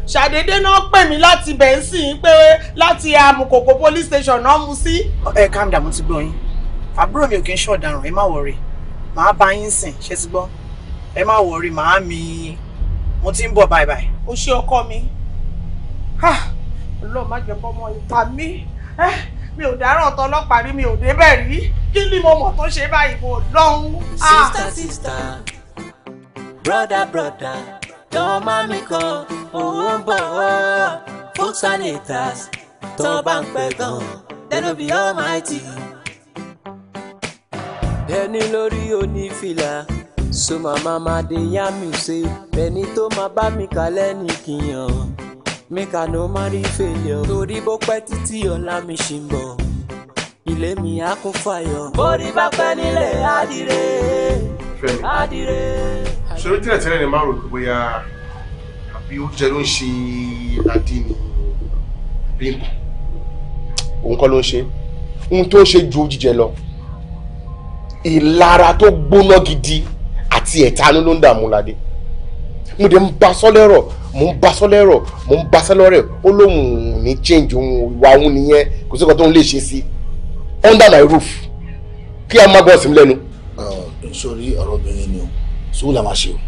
ṣàdédé náà pè mí bensin. bẹ̀ǹsì pé láti amukoko police station náà mú sí. Eh, calm down mo ti gbọ́ yín àbúrò mi ò kí ń ṣọ̀daràn ẹ má wọrí màá bá yín sìn ṣé ti gbọ́ ẹ má wọrí màá mi mo ti ń bọ̀ báyìí báyìí. o ṣe ọkọ mi ọlọ́run má jẹ́ bọ́mọ ìpa mi mi ò dáràn tán ọlọ́pàá rí mi ò débẹ̀ rí kí ni mo mọ̀ tó ṣe báyìí mo lọ́hún. sista sista broda
broda tọ́ má mi kan òun bọ̀ ọ́ folk sanitars tọ́ bá ń pẹ́ gan then o be almighty. ẹni lórí onífìlà so mama ma dey yarn me say ẹni tó máa bá mi kalẹ̀ ní kìyàn make i no marry failure torí bó pẹ́ títí ọ̀la mi ṣì ń bọ̀ ilé mi á kún fàyọ̀. borí bá pẹ́ nílé adire adire. ṣòro tílẹ̀ tílẹ̀
ni márùn kò bóyá àbí oúnjẹ ló ń ṣe adínì àbí nǹkan òun kọ́ ló ń ṣe ohun tó ń ṣe ju jíjẹ lọ ìlara tó gbóná gidi tiẹ̀ tanú ló ń dààmú ládé mo dẹ̀ ń ba sọ́lẹ́rọ̀ mo ń ba sọ́lẹ́rọ̀ mo ń ba sọ́lẹ́rọ̀ ó lóun ní change òun ìwà òun nìyẹn kò sí kan tó ń lè ṣe sí under my roof kí a má gbọ́ sí mi lẹ́nu. sori ọ̀rọ̀ obìnrin ni o sùúrù la máa ṣe o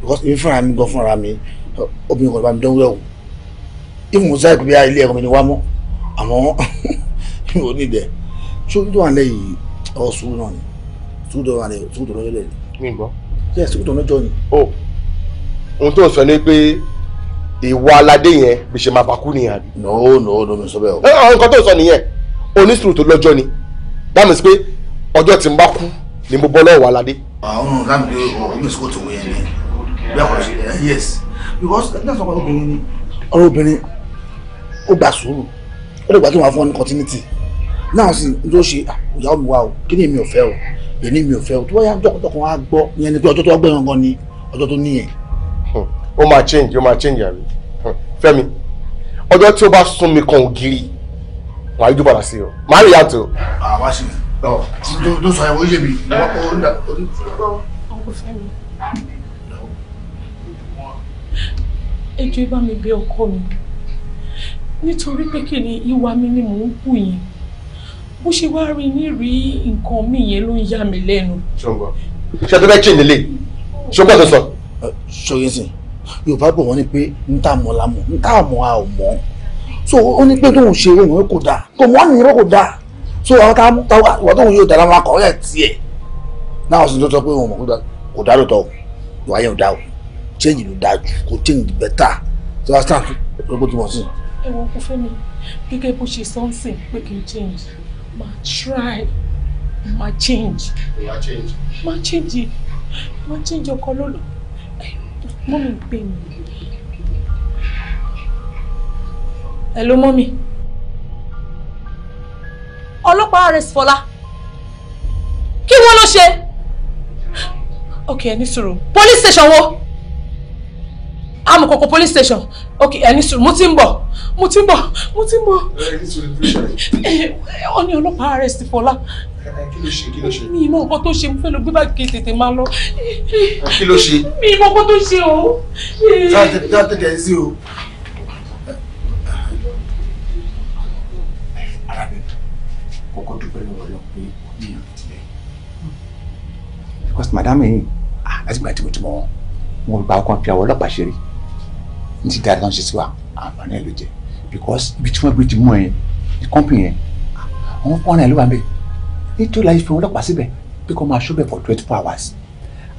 because èmi fúnra mi gan fúnra mi obìnrin kan ló bá mi dánwó ẹ̀wò ìmọ̀ mo sáré pé ilé ẹ̀kọ́ mi ni wá mọ́ àmọ́ mi ò ní ìdẹ̀ sórí tó wà lẹ́yìn ọ̀ sùúrù náà ni sùúrù tó wà lẹ́yìn sùúrù tó lọ́jọ́ lẹ́yìn. mi gbọ́ yes ó dùn lọ́jọ́ yìí. o ohun tó ń sọ ni pé ìwà aládé yẹn bí ṣe máa bá kú nìyẹn. no no no mi sọ bẹ́ẹ̀ o.
àwọn nǹkan tó ń sọ nìyẹn
onísùúrù lọ́jọ́ ni that means pé ọjọ́ tí n bá kú ni mo bọ́ lọ́wọ́ aládé. àwọn ọ̀gá mi pé
ọ̀rọ̀ mi sọ́kò yẹn ni bẹ́ẹ̀ kọ́ ṣe eh,
yes because that's why obìnrin ni. ọ̀rọ̀ obìnrin ó gbà sùúrù ó lè gbà kí wọ́n á fún ọ ní continuity náà sì n tó ṣe ìyàwó mi wá o kí ni èmi ò fẹ́ o èmi mi ò fẹ́ o tó wáyà jọ̀kọ̀tọ̀kọ̀ wá gbọ́ ìyẹn ni pé ọjọ́ tó wá gbẹ̀yàn gan ni ọjọ́ tó níyẹn. ó máa change ó máa change àrí Fẹ́mi ọjọ́ tí ó bá sún mi kan ògiri wàá yíjú padà sí
o màá rí yàtọ̀. àwa sì ló sọ ẹ̀wọ̀n yé mi.
ẹjọ́ ibà mi bí ọkọ mi nítorí pé kí ni ìwà mi ni mò ń kù yìí bó ṣe wá rí ní rí nǹkan mi yẹn ló ń yà mí lẹ́nu. ṣọgbọ́n ṣe tó fẹ́ tì nílé ṣọgbọ́n tó sọ. ṣòye sìn
yorùbá bọ̀ wọ́n ní pé ń tà mọ́ la mọ̀ ń tà mọ́ a ò mọ̀ so ó ní pé tóun ṣe òun kò dáa kò mọ́ nìyẹn kò dáa so àwọn táwọn àwọn tóun yóò dára wọn kọ́ ọ̀rẹ́ tiẹ̀ náà sì tó sọ pé òun mọ̀ kò dáa lóòótọ́ ìwà yẹn ò dáa o change ló dáa jù kò change better so that's not what we want to see.
ẹ̀wọ̀n kò fẹ́ mi gẹ́gẹ́ bó ṣe something pé kì í change máa try máa change. máa change. máa change máa change ọkọ lọ́lọ́ mọ́mí ń pè mí. hello mọ́mí. ọlọ́pàá arrest Fọlá kí wọ́n ló ṣe. ok ẹ ní police station wo amukoko police station ok ẹni sùn mo ti ń bọ̀ mo ti ń bọ̀ mo ti ń bọ̀. Eh, ọ ní ọlọ́pàá arrest Fọlá. kí ló ṣe kí ló ṣe. mi ìmọ̀ nǹkan tó ṣe mo fẹ́ lọ gbé báàgì kí n tètè máa lọ. kí ló ṣe. mi ìmọ̀ nǹkan tó ṣe o. tá ẹ sí
o. kọ́kọ́ dúpẹ́ lọ́wọ́ lọ pé mi ò tilẹ̀. because madam yìí àtìgbà ah, tí mo ti mọ̀ wọn mo gba ọkàn fi àwọn ọlọ́pàá ṣeré ní ti dáadáa ṣe sí wa àǹfààní ẹ̀ ló jẹ́ because ibi tí wọ́n gbé ti mú ẹ ní kọ́ńpì yẹn àwọn fún ọ̀nà ìlú wa ń bẹ̀ nítorí láyé fi wọn lọ́pàá síbẹ̀ bí kò máa ṣọ́bẹ̀ for twenty four hours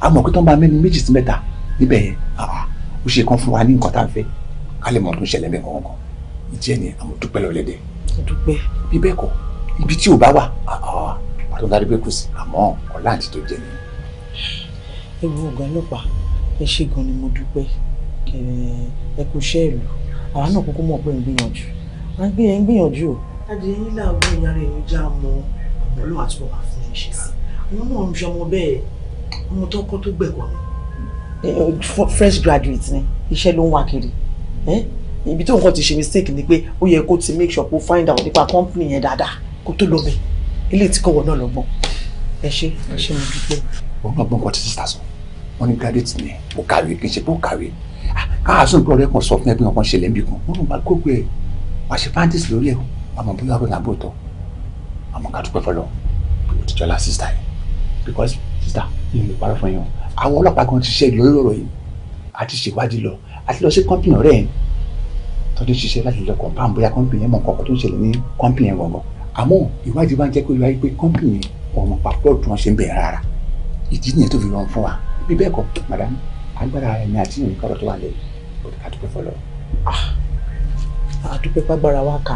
àmọ́ pé tó ń bá mẹ́nu méjì sí mẹ́ta níbẹ̀ yẹn ah, ó ṣe kan fún wa ní nǹkan tá a fẹ́ ká lè mọ tó ń ṣẹlẹ̀ mẹ́ kankan ìdí ẹ̀ ni àwọn dúpẹ́ lọ́lẹ́dẹ̀. dúpẹ́. bí bẹ́ẹ̀ kọ́ ibi tí ò bá wà pàtó ah, ah, dárí pé
ẹ iṣẹ́ ìlú àwa náà kúkú mọ̀ pé ń gbìyànjú à ń gbìyànjú ń gbìyànjú o. adìyẹ yín làwọn èèyàn rẹ̀ ń já mọ ọlọ́run àti bàbá fún mi ṣe sí àwọn náà ń ṣe ọmọ bẹ́ẹ̀ ọmọ tó tó gbẹ̀kọ́ ni. fresh graduate ni iṣẹ́ ló ń wá kiri ibi tó nǹkan ti ṣe mistake ni pé ó yẹ kó ti make sure kó find out nípa company yẹn dáadáa kó tó lọ bẹ̀ ilé tí kọ̀wọ́ náà lọ́gbọ́n ẹ ṣe ẹ ṣe mo dúpẹ́.
òun
gbọ́n kan ti sísà sọ wọ́n ní graduate ni ó kàwé kì í ṣe pé ó kàwé káàsùn nǹkan ọ̀rẹ́ kan sọ fún ẹgbẹ́ ọkàn ṣẹlẹ̀ níbi kan wọn lòun bá gbogbo ẹ̀ wàá ṣe pàǹtìsì lórí ẹ̀ àmọ́ bóyá ọ̀rọ̀ làbó tọ̀ àmọ́ ká dúpẹ́ fọlọ́ pé o ti jọlá sísítà yẹn because sísítà yìí ló parọ́ fún yẹn àwọn ọlọ́pàá kan ti ṣe lórí ọ̀rọ̀ yìí a ti ṣèwádìí lọ a ti lọ sí kọ́ńpìnì ọ̀rẹ́ yẹn tó ti ṣiṣẹ́ láti lọ kọ̀ǹpáàn bóyá kọ́ńpìnì yẹn mọ̀ nǹkan tó ń ṣẹlẹ̀ ní kọ́ńpìnì yẹn gbọ̀ngàn àmọ́ ìwádìí bá ń jẹ́ pé wáyé pé kọ́ńpìnì yẹn ọ̀nà pàpọ̀ tí wọ́n ṣe ń bẹ̀rẹ̀ rárá ìdí nìyẹn tó fi rọrùn fún wa bí bẹ́ẹ̀ kọ́ madam agbára ẹni àti ìrìn tó wà lẹ́yìn adúpẹ́ fọlọ́. Ah, adúpẹ́ pàgbára wa kà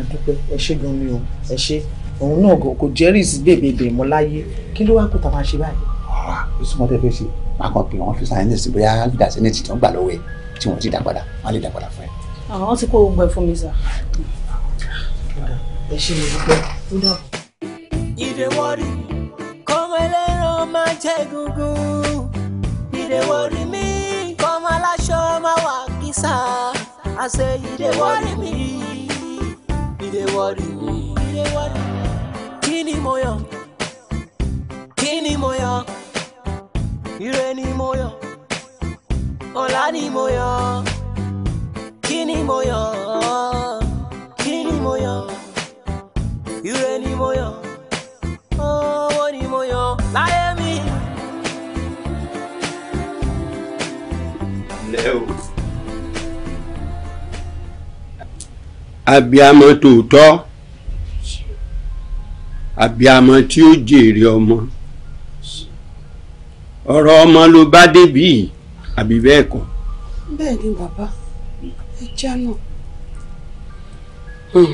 adúpẹ́ ẹ ṣé gan ni o
ẹ ṣé òun náà kò jẹ́rìí bèbèbè mọ́ láyé kí ló wá kó ta máa ṣe báyìí.
ó sì tẹ́ fẹ́ ṣe akọ pé wọ́n fi sáyẹ́ǹsì bóyá gbígbà sẹ́nẹ̀tì tó ń gbà lọ́wọ́ ẹ̀ tí wọ́n ti dá padà wọ́n lè dá padà fún ẹ.
àwọn ah, ti kó gbẹ fún mi sà. ẹ ṣe lè dúpẹ́ ó dàbọ̀. ìdè wọ́ọ̀rì kọ́kọ́ ẹlẹ́ran máa jẹ́
gungun ìdè wọ́ọ̀rì mi answer. I say you dey worry me, you dey worry me, you dey worry me. Kini mo yọ? Kíni mo yọ? Ire ni mo yọ. Ọ̀la ni mo yọ. Kíni mo yọ? Kíni mo yọ? Ire ni mo yọ. Owó ni mo yọ. Láyé mi.
Lẹ́wọ̀. abiamọ tòótọ́ abiamọ tí ó jèrè ọmọ ọ̀rọ̀ ọmọ ló bá débi àbí bẹ́ẹ̀ kọ́.
bẹ́ẹ̀ ni bàbá ẹ já náà hmm.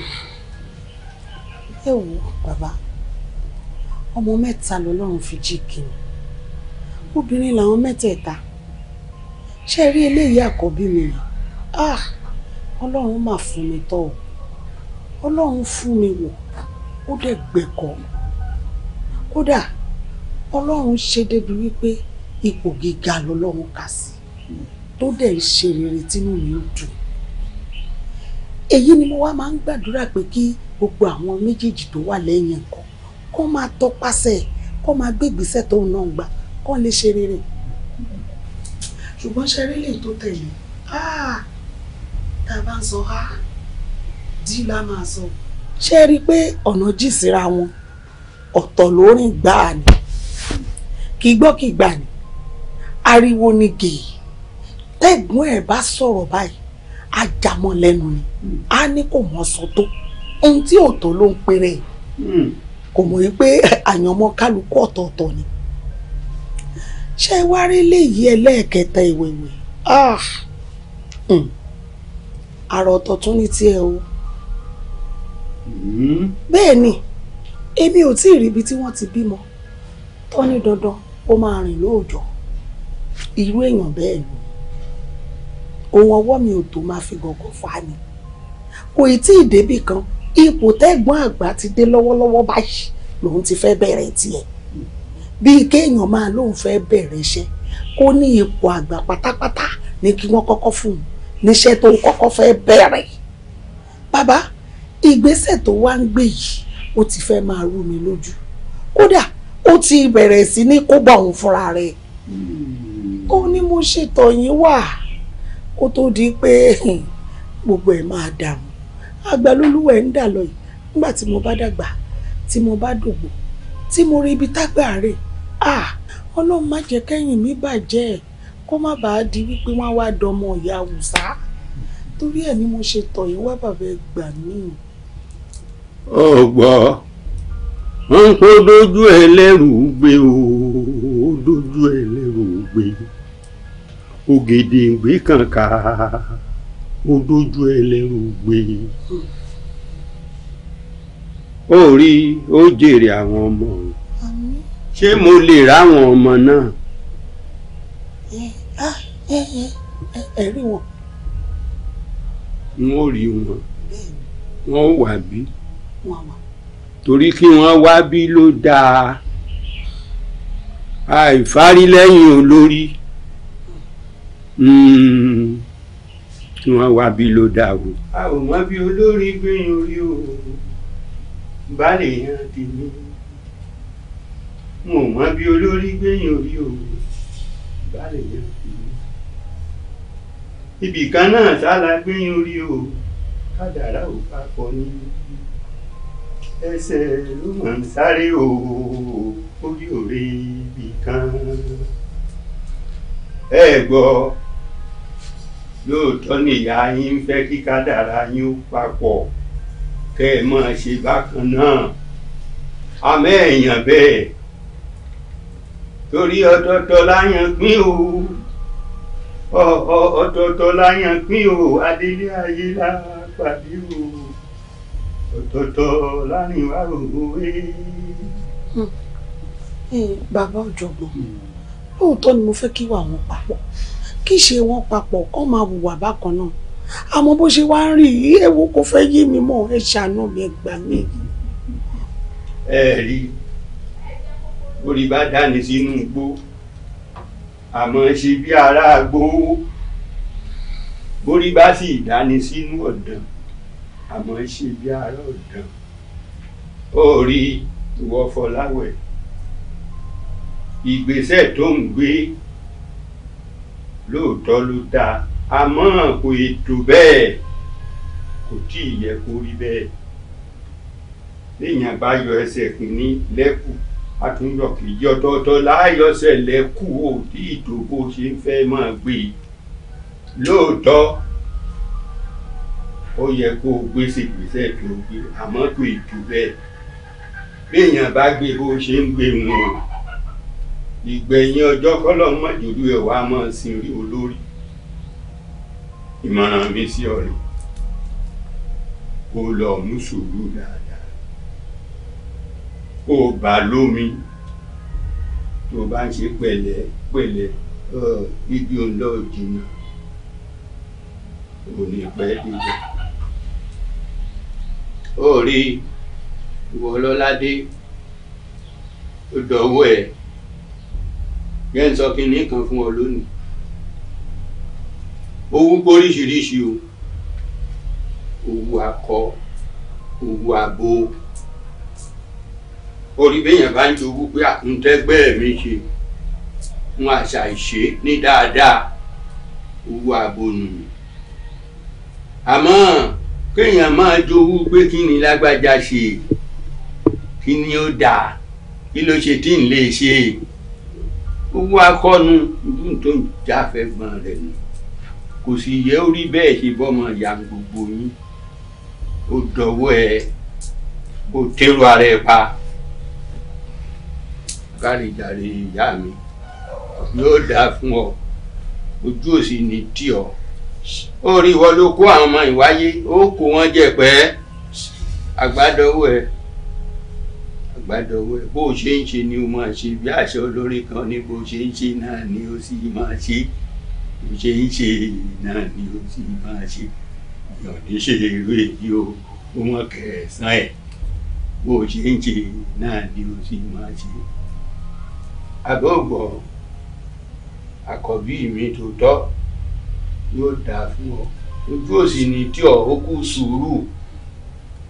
ẹ wò bàbá ọmọ mẹ́ta lọ́lọ́run fi jí kìnnì obìnrin làwọn mẹ́tẹ̀ẹ̀ta ṣe rí eléyìí àkọ́bí mi ah, ọlọ́run mà fún mi tọ́ o ọlọ́run fún mi wò ó dẹ̀ gbẹ̀kọ́ kódà ọlọ́run ṣe débi wípé ipò gíga lọ́lọ́run kà sí tó dẹ̀ ṣe rere tínú mi ó dùn èyí ni mo wá máa ń gbàdúrà pé kí gbogbo àwọn méjèèjì tó wà lẹ́yìn ẹ̀kọ́ kó máa tọpasẹ̀ kó máa gbé ìgbésẹ̀ tó ń náà gbà kó lè ṣe rere ṣùgbọ́n ṣe rí lè tó tẹ̀lé tá a bá ń sọ áá gidi la máa sọ. ṣé rí i pé ọ̀nà jì síra wọn ọ̀tọ̀ ló rìn gbáà ni kì í gbọ́ kì í gbà ni ariwo ni gèè tẹ́gbọ́n ẹ̀ bá sọ̀rọ̀ báyìí ajamọ lẹ́nu ni a ní kò mọ̀ sọ tó ohun tí ọ̀tọ̀ ló ń pèrè hmm. kò mọ̀ yí pé àyànmọ́ kálukú ọ̀tọ̀ọ̀tọ̀ ni ṣé wá rí léyìí ẹlẹ́ẹ̀kẹta ìwẹ̀wẹ̀ ara ah! hmm. ọ̀tọ̀ tún ní tiẹ̀ o bẹ́ẹ̀ ni èmi ò tí ì ríbi tí wọ́n ti bímọ tó ní dandan ó máa rìn lóòjọ́ irú èèyàn bẹ́ẹ̀ ni ohun ọwọ́ mi ò tó máa fi gọ̀gọ̀ fà á ni kò ì tí ì débì kan ipò tẹ́gbọ́n àgbà ti dé lọ́wọ́lọ́wọ́ báyìí lòun ti fẹ́ bẹ̀rẹ̀ tiẹ̀ bíi kéèyàn máa lóun fẹ́ bẹ̀rẹ̀ iṣẹ́ kó ní ipò àgbà pátápátá ní kí wọ́n kọ́kọ́ fún un níṣẹ́ tó kọ́kọ́ fẹ́ bẹ̀rẹ̀ bàbá ìgbésẹ̀ tó wá ń gbé yìí ó ti fẹ́ máa rú mi lójú kódà ó ti bẹ̀rẹ̀ sí ní kó bá òun fúnra rẹ̀ hmm. ó ní mo ṣètò yín wà kó tó di pé gbogbo ẹ̀ máa dàrú àgbà ń dà lọ yìí nígbà tí mo bá dàgbà tí mo bá dògbò tí mo rí ibi tágbà rè ah ọlọ́run má jẹ́ kẹ́yìn mi bàjẹ́ kó má bàa di wípé wọ́n wá dọmọ ìyá àwùsá torí ẹ̀ ni mo ṣe tọ̀ yín wá bàbá ẹ gbà míì ọgbọ
wọn kó dojú ẹlẹ́rù gbé o dojú ẹlẹ́rù gbé ògèdèǹgbé kàǹkà ó dojú ẹlẹ́rù gbé ó rí o jèrè àwọn ọmọ ṣé mo lè ráwọn ọmọ náà.
ẹ ẹ ẹ rí wọn.
n ó rí wọn wọn ó wà bí wọ́n wà. torí kí wọ́n wá bí ló dáa àìfarilẹ́yìn olórí tí hmm. wọ́n wá bí ló dáa o. a ò mọ bí olórí gbìyànjú orí o baálé yan tèmi n ò mọ bí olórí gbìyànjú orí o baálé yan tèmi ibì kan náà sá la gbìyànjú orí o kádàrá ò bá kọ nínú ẹsẹ̀ ló mọ̀ ń sáré o orí òre ibì kan ẹ gbọ́ lóòótọ́ nìyá yín ń fẹ́ kí kádàrá yín ó papọ̀ kẹ́ ẹ máa ṣe bákan náà àmọ́ èèyàn bẹ́ẹ̀ torí ọ̀tọ̀ọ̀tọ̀ láyàn pín o ọ̀tọ̀ọ̀tọ̀ láyàn pín o adélé ayé lápàdé o ọ̀tọ̀ọ̀tọ̀ láàrin wá rògbòwé.
Hmm. bàbá ọ̀jọ̀gbọ́n hmm. lóòótọ́ ni mo fẹ́ kí wà wọn papọ̀ kí ṣe wọn papọ̀ kọ́ máa hùwà bákan náà àmọ́ bó ṣe wá ń rí i ewu kò fẹ́ yé mi mọ́ ẹ ṣàánú mi ẹ gbà
ẹ rí orí bá dání sínú igbó àmọ́ ṣe bí ará agbó orí bá sì dání sínú ọ̀dàn àmọ́ ṣe bí ara ọ̀dàn ó rí ìwọ Fọláwẹ̀ ìgbésẹ̀ tó ń gbé lóòótọ́ ló dáa àmọ́ kò ètò bẹ́ẹ̀ kò tí ì yẹ kó rí bẹ́ẹ̀ léèyàn bá yọ ẹsẹ̀ kìíní lẹ́kù àtúnyọ kejì ọ̀tọ̀ọ̀tọ̀ láàyọ̀sẹ̀ lẹ́kù ò tí ì tó bó ṣe ń fẹ́ máa gbé lóòótọ́ ó yẹ kó o gbé ṣègbèsè tó o gbé àmọ́ kò ì tó bẹ́ẹ̀ béèyàn bá gbé bó ṣe ń gbé wọn ìgbẹ̀yìn ọjọ́ kọ́lọ́ mọ́jòlú ẹ̀ wá mọ́ sin rí olórí ìmọ̀ràn mi sí ọ̀rẹ́ kó lọ mú sùúrù dáadáa kó o bà lómi tó o bá ń ṣe pẹ̀lẹ́ pẹ̀lẹ́ ibi òun lọ́ọ́ jìnnà òní pẹ́ débẹ̀ orí ìwọ ọlọ́ládé ó dọ̀wọ́ ẹ̀ yẹn ń sọ kinní kan fún ọ lónìí owó póríṣiríṣi o owó akọ owó abo orí béèyàn bá ń jowó pé àtúntẹ́gbẹ́ mi ṣe wọn àṣà ìṣe ní dáadáa owó abo nù àmọ́ kéèyàn máa jowú pé kí ni lágbájá ṣe kí ni ó dáa kí ló ṣe tí ń lè ṣe gbogbo akọnu dùn tó ń jáfẹ́ gbọ́n rẹ̀ nù kò sì yẹ ó rí bẹ́ẹ̀ ṣe bọ́mọ ìyá gbogbo yín ó dọ̀wọ́ ẹ ó tẹ́rù ara ẹ pa kárìjàre ìyá mi yóò dáa fún ọ ojú òsì ní tí ọ. orí ìwọ ló kó àwọn ọmọ ìwáyé ó kó wọn jẹ pé àgbádọ́wọ́ ẹ àgbádọ́wọ́ ẹ bó o ṣe ń ṣe ni o máa ṣe bí àṣẹ olórí kan ní bó o ṣe ń ṣe náà ni o sì máa ṣe bó o ṣe ń ṣe náà ni o sì máa ṣe ìyọ̀dí ṣe irú èyí o ó mọ̀ kẹsàn-án ẹ̀ bó o ṣe ń ṣe náà ni o sì máa ṣe àbọ̀ ògbọ̀ àkọ́bí mi tó tọ́. yóò dáa fún ọ ojú òsì ni tí ọ ó kú sùúrù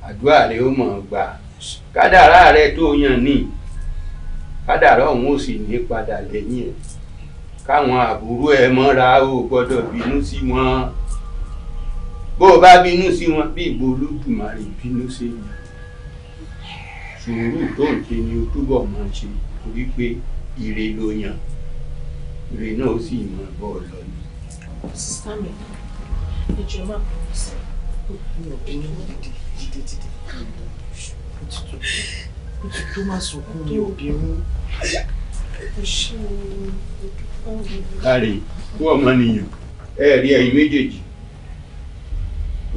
àdúrà rẹ ó mọ̀ gbà kádàrá rẹ tó yàn ní kádàrá òun ó sì ní padà lẹ́yìn ẹ̀ káwọn àbúrò ẹ mọ́ra ó gbọ́dọ̀ bínú sí wọn bó o bá bínú sí wọn bí ìgbó olódùmarè bínú sí wọn sùúrù tó ń ṣe ni o túbọ̀ máa ṣe torí pé ire ló yàn ire náà ó sì mọ̀ bọ́ lọ́nà
sísá mi ẹjọ́ má bọ̀ sí mi ò bínú dìde dìde dìde òtútù òtútù má sunkún mi ò bínú.
Kárì kú ọmọnìyàn ẹ rí ẹ̀yin méjèèjì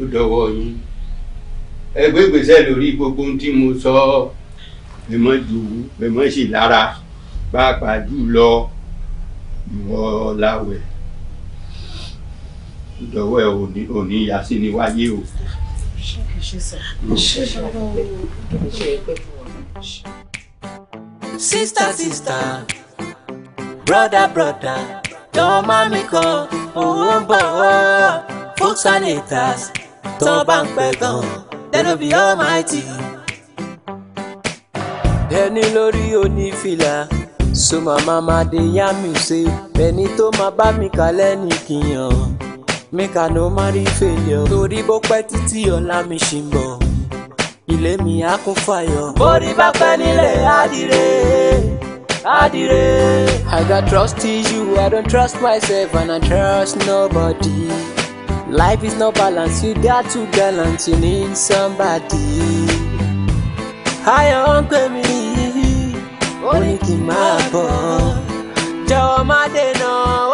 ó dọwọ́ yín ẹ gbé gbèsè lórí gbogbo ohun tí mo sọ ẹ mọ jù ẹ mọ sí lára pàápàá jù lọ ìwọ láwẹ̀ dọwọ́ ẹ ò ní yá sí ni wáyé o.
sista sista broda
broda jọ̀wọ́ má mi kọ òun ń bọ̀ folksanitas tó bá ń pẹ́ gan lẹ́nu bí almighty. ẹni lórí onífìlà so màmá má dé yá mi ṣe ẹni tó máa bá mi kalẹ́ ní kìyàn make i no marry failure torí bó pẹ́ títí ọ̀la mi ṣì ń bọ̀ ilé mi á kún fàyọ̀. borí bá pẹ́ nílé adire adire. i got trust in you i don trust myself and i trust nobody. life is no balance. you got to balance you need somebody. ayọ̀ ń pè mí ó ní kí n máa bọ̀ jọ̀wọ́ má dènà.